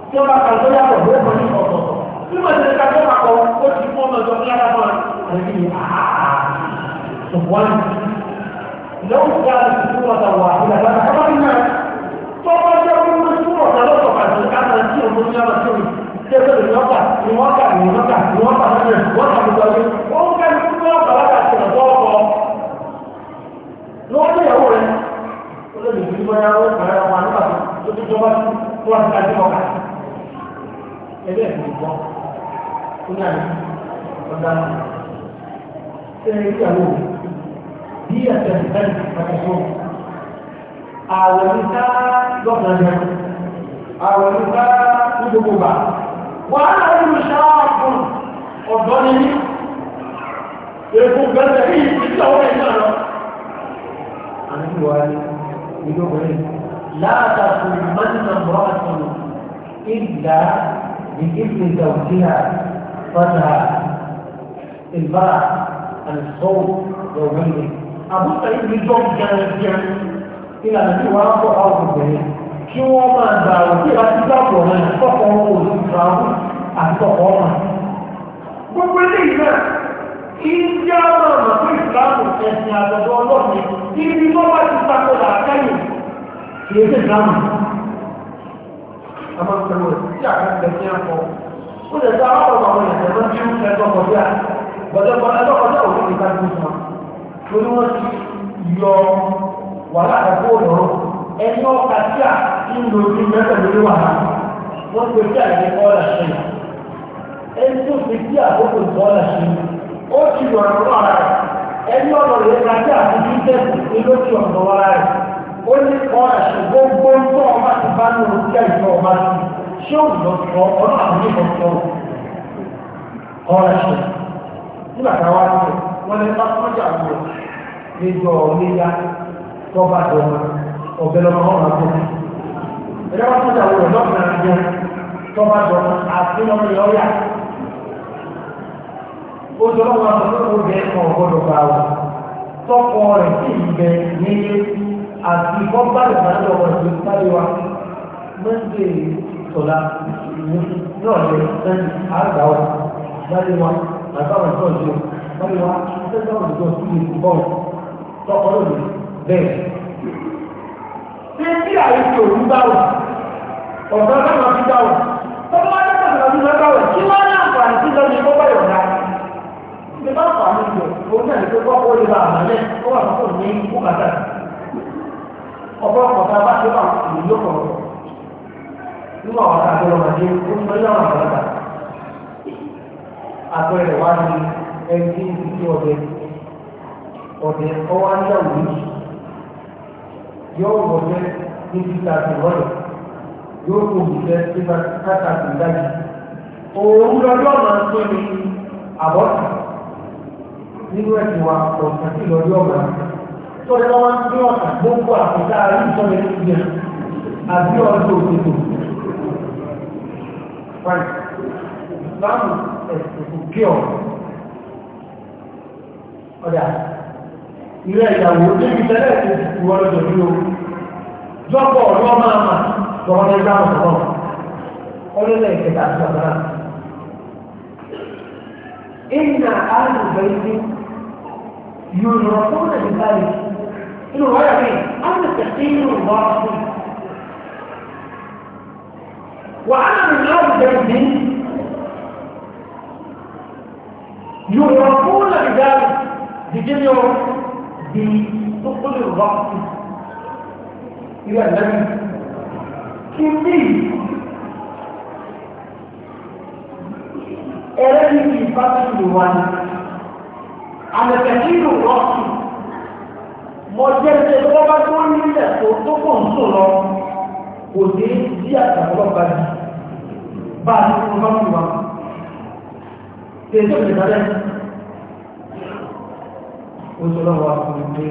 Speaker 1: tí ó bá ka yàtọ̀ ló ní ọ̀tọ̀ọ̀tọ̀ bí wọ́n ti lè ka ó ti fún ọmọ ìjọba yàtọ̀ fún ẹ bóyá ó kàrẹ́ ọmọ àlùbà tó tó jọba tó wà nípa ìjọba ọkà ẹgbẹ́ ìlú gbọ́ ó ní àná ọ̀dà ṣe ìyàwó bí ẹ̀sẹ̀ ìfẹ́
Speaker 2: ìfẹ́ àwẹ̀ níta lọ́nà rẹ̀
Speaker 1: àwẹ̀ níta ní gbogbo gbà wàhálà nínú ṣáàpù ọ̀dọ́ ni ní èkó gbẹ́sẹ̀ ní ìpínlẹ̀ ọ̀rẹ́ náà lọ. àníwáyé ìlóbìnrin láàtàkùn mọ́nà mọ́ọ̀tún ìgbà ìgbìmọ̀ ìdàwùjíà fọ́nà ìbá àlùfọ́ọ̀ lọ́wọ́lẹ̀. àbúkà ìbí tó ń jẹun ìlànà tí wọ́n á kọ́ àwọn obìnrin kí wọ́n máa gbà òkè láti dábọ̀ rẹ̀ kọ́kọ́ wọn ò sí ìfàwọn àti kọ́kọ́ wọn. gbogbo eléyìí náà kí ní àwọn ọ̀nà fún ìsìláàmù ẹ̀sìn àgbọ̀dọ̀ ọlọ́ọ̀ni kí ní tó bá ti sako làákàyè kì í ṣe ìsìláàmù. àmọ́ ìṣòro tí àkàtúntẹ̀ fi hàn kọ́ ó lè sọ àwọn ọ̀rọ̀ àwọn ìṣẹ̀lẹ̀ tó ń tún ẹgbẹ́ ọkọ̀dé à gbọ́dọ̀gbọ́ ẹlọ́kọ̀dé òun ní ká tún ẹni tó fi tí àkókò kọ́ ọ̀là ṣe ó ti wọ̀ ọ̀rọ̀ ara rẹ̀ ẹni ọ̀rọ̀ rẹ̀ kájí àti jíjẹ́sì ni ló ti ọ̀rọ̀ ara rẹ̀ ó ní kọ́ ẹ̀sùn gbogbo tó ọba ti bá ní orí ẹ̀jọ́ ọba ti ṣé ò lọ sọ ọ̀rọ̀ àwọn onímọ̀ sọ kọ́ ẹ̀sùn nígbà táwa ti wọ́n lé pásítọ́jà wọ̀ níjọ níyà tọ́ba dọ̀mọ́ ọ̀bẹ lọ́mọ ọ̀rọ̀ ojú ọlọ́wọ́ àtọ́kọ́ bẹ ọ̀rọ̀ gbọ́dọ̀ bá wa tọ́kọ rẹ̀ sí ìgbẹ́ nílé àti bọ́bálì ìbájọ́ ọ̀rọ̀ ìlú sáré wa mẹ́ńdé sọ̀la ìrọ̀lẹ́ sẹ́ni àgbà wa sáré wa àgbàwọn ìtọ́jú sáré wa sẹ́ni àwọn ìjọ sí ìlú bọ́ọ̀ tọ́kọ lónìí bẹ́ẹ̀. ṣé kí àyíkè òun bá wà ọ̀gá bá fún àwọn àgbẹ̀ ọmọdé ó fún ẹ̀yà àwọn àgbàlagbà àpẹẹrẹ wá ní ẹni tí ń fi ọdẹ ọdẹ ọwọ́ aníyàwó yìí yóò wọlé ní títà sí lọ́dọ̀ yóò kó òṣìṣẹ́ tí wọ́n káta sí dájú òun lọ́jọ́ máa ń pè ní àbọ̀tì nínú ẹ̀sìn wa ọ̀sán sí lọ́jọ́ ọ̀gá tọ́jú wọn ń gbé ọ̀sán gbogbo àpótá àríṣọ́ ẹni ìgbìyànjú àbí ọdún òṣèlú fáì
Speaker 2: láàmù ẹ̀sùn kí ọ̀
Speaker 1: ọ̀dà ilé ìyàwó débi tẹ́lẹ̀ tó ti wọ́n lọ́jọ́ bí o jọ́pọ̀ ọ̀dọ́ máa mà lọ́wọ́ ní ẹgbẹ́ àwọn ọ̀dọ́ ọlọ́lẹ̀ ìkẹta àti ọ̀dọ́ náà ìnà àlùbẹ̀ ilé yóò rọ̀ fún ẹ̀dínláyè inú wáyà mi àwọn ìtẹ̀sí inú وأنا من أهل جنبي يعرفون بذلك بجميع بثقل الرأس إلى النبي كمية أراني في فتح الوان على كثير الرأس mọ̀jẹ́ tó bá tó nílẹ̀ tó tó kò ń bá a ti fún ọmọ ìwà tí ètò ìdálẹ́ ó sọ lọ́wọ́ àwọn ìwé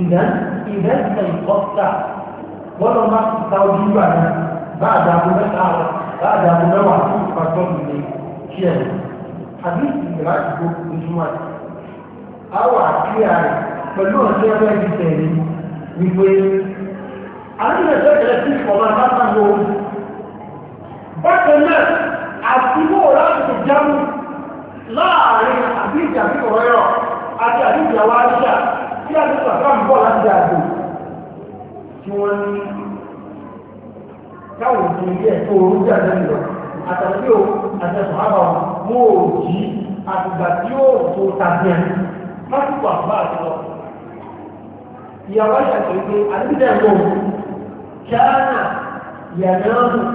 Speaker 1: ìdá ìdá ìdá ìkọ́ta wọ́n lọ máa ti ta ojú ìgbà náà bá a dàbò mẹ́ta rẹ̀ bá a dàbò mẹ́wàá fún ìpàtọ́ ìlé kí ẹ̀ àbí ìgbà àdúgbò ojúmọ́ àti àwọn àkíyà rẹ̀ pẹ̀lú ọ̀sẹ̀ ẹgbẹ́ ìtẹ̀lé wípé àdúgbò ẹgbẹ́ ìtẹ̀lé sí ìfọ̀mọ́ àbátan lóhùn bákan náà àti mọ́ láti fi jámù láàrin àbíjà bí ọ̀rẹ́rọ̀ àti àbíjà wá ṣíà tí a ti sàfà ń bọ̀ láti àgbò tí wọ́n ní káwọn òjì ilé ẹ̀kọ́ orúkọ àtẹ́lẹ̀ àtàlẹ́ o àtẹ́sùn àbà mú òjì àtìgbà tí ó tó tàbí ẹ̀ lásìkò àbá àtọ́ ìyàwó àṣà kìí pé àdébìtẹ̀ ń bọ̀ kíá náà yàrá náà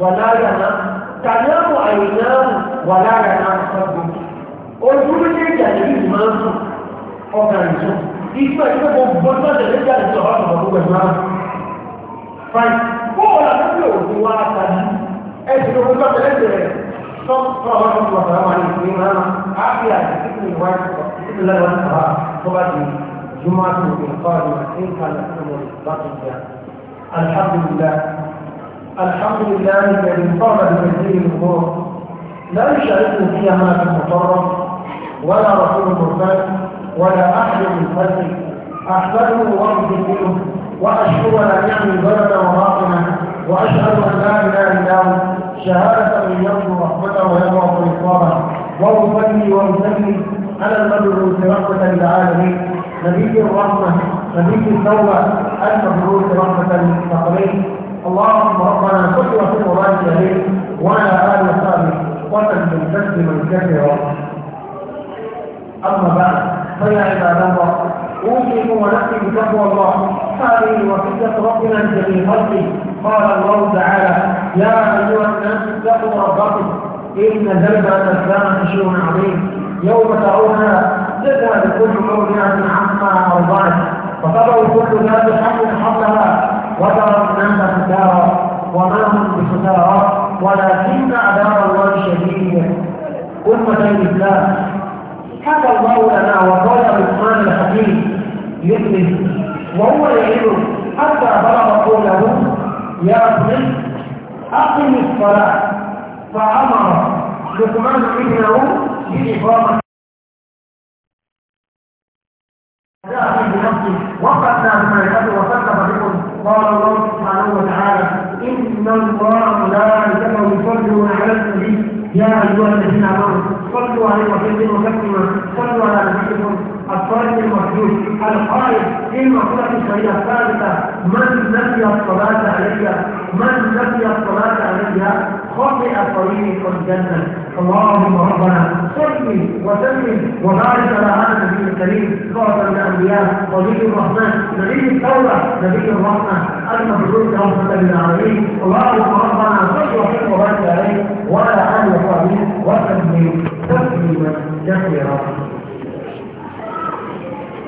Speaker 1: wàlá yàrá tànáwó àìnáwó wàlá yàrá sọ́gbọ̀n ojú méjèèjì àdébí máa ń sùn ọkà ìsùn ìsúná ìsúná kò gbọ́n tó tẹ̀lé jáde tó ọ̀rọ̀ ọ̀rọ̀ gbogbo ẹ̀gbọ́n rẹ̀ fain bóòlù àtúntò òfin wa àtàlí ẹ̀sìn tó gbọ́n tẹ̀lé tẹ̀lé sọ́kọ̀ ọ̀rọ̀ tó wà sàrámà ní ìpín máa á fi àdìsíkì ìwà ìsìnkú lẹ́wọ̀n sàrà tó bá di jùmọ̀ àti òfin kọ́ọ̀lù àti ìkàlẹ̀ àti ìmọ̀ الحمد لله الذي قام بتدبير الامور لا يشاركه فيها ملك مقرب ولا رسول مرسل ولا احد من خلقه احمده واقدره واشكر نعم البلد وباطنه واشهد ان لا اله الا هو شهاده من يرجو رحمته ويبعث عقابه واصلي واصلي على المدعو رحمه للعالمين نبي الرحمه نبي التوبه المدعو رحمه للمستقبلين اللهم ربنا كل وسلم وبارك عليه وعلى آل وصحبه وسلم من كثيرا اما بعد فيا عباد الله اوصيكم ونفسي بتقوى الله هذه وصيه ربنا لجميع خلقه قال الله تعالى يا ايها الناس اتقوا ربكم ان زلزله الساعه شيء عظيم يوم ترونها يذهب كل موضع عما أوضعت وتضع كل ذات حمل حملها وترى الناس سكارى وما هم بسكارى ولكن عذاب الله شديد أمة الإسلام
Speaker 2: حكى الله لنا وقال لقمان الحكيم
Speaker 1: يسلم وهو يعيد حتى بلغ قوله يا ابني
Speaker 2: أقم الصلاة فأمر لقمان ابنه بإقامة
Speaker 1: جاء في بنفسه وقتنا بمعرفته وصدق بكم قال الله سبحانه وتعالى ان الله ملائكته يصلون على النبي يا ايها الذين امنوا صلوا عليه وسلموا تسليما صلوا على نبيكم الصالح المخلوق القائد في مقولة الشريعة الثالثة من نسي الصلاة علي من نسي الصلاة علي خاطئ طريق الجنة اللهم ربنا صل وسلم وبارك على هذا النبي الكريم خاتم الأنبياء نبي الرحمن نبي التوبة نبي الرحمة المبعوث رحمة للعالمين اللهم ربنا صل وسلم وبارك عليه وعلى آله وصحبه وسلم تسليما كثيرا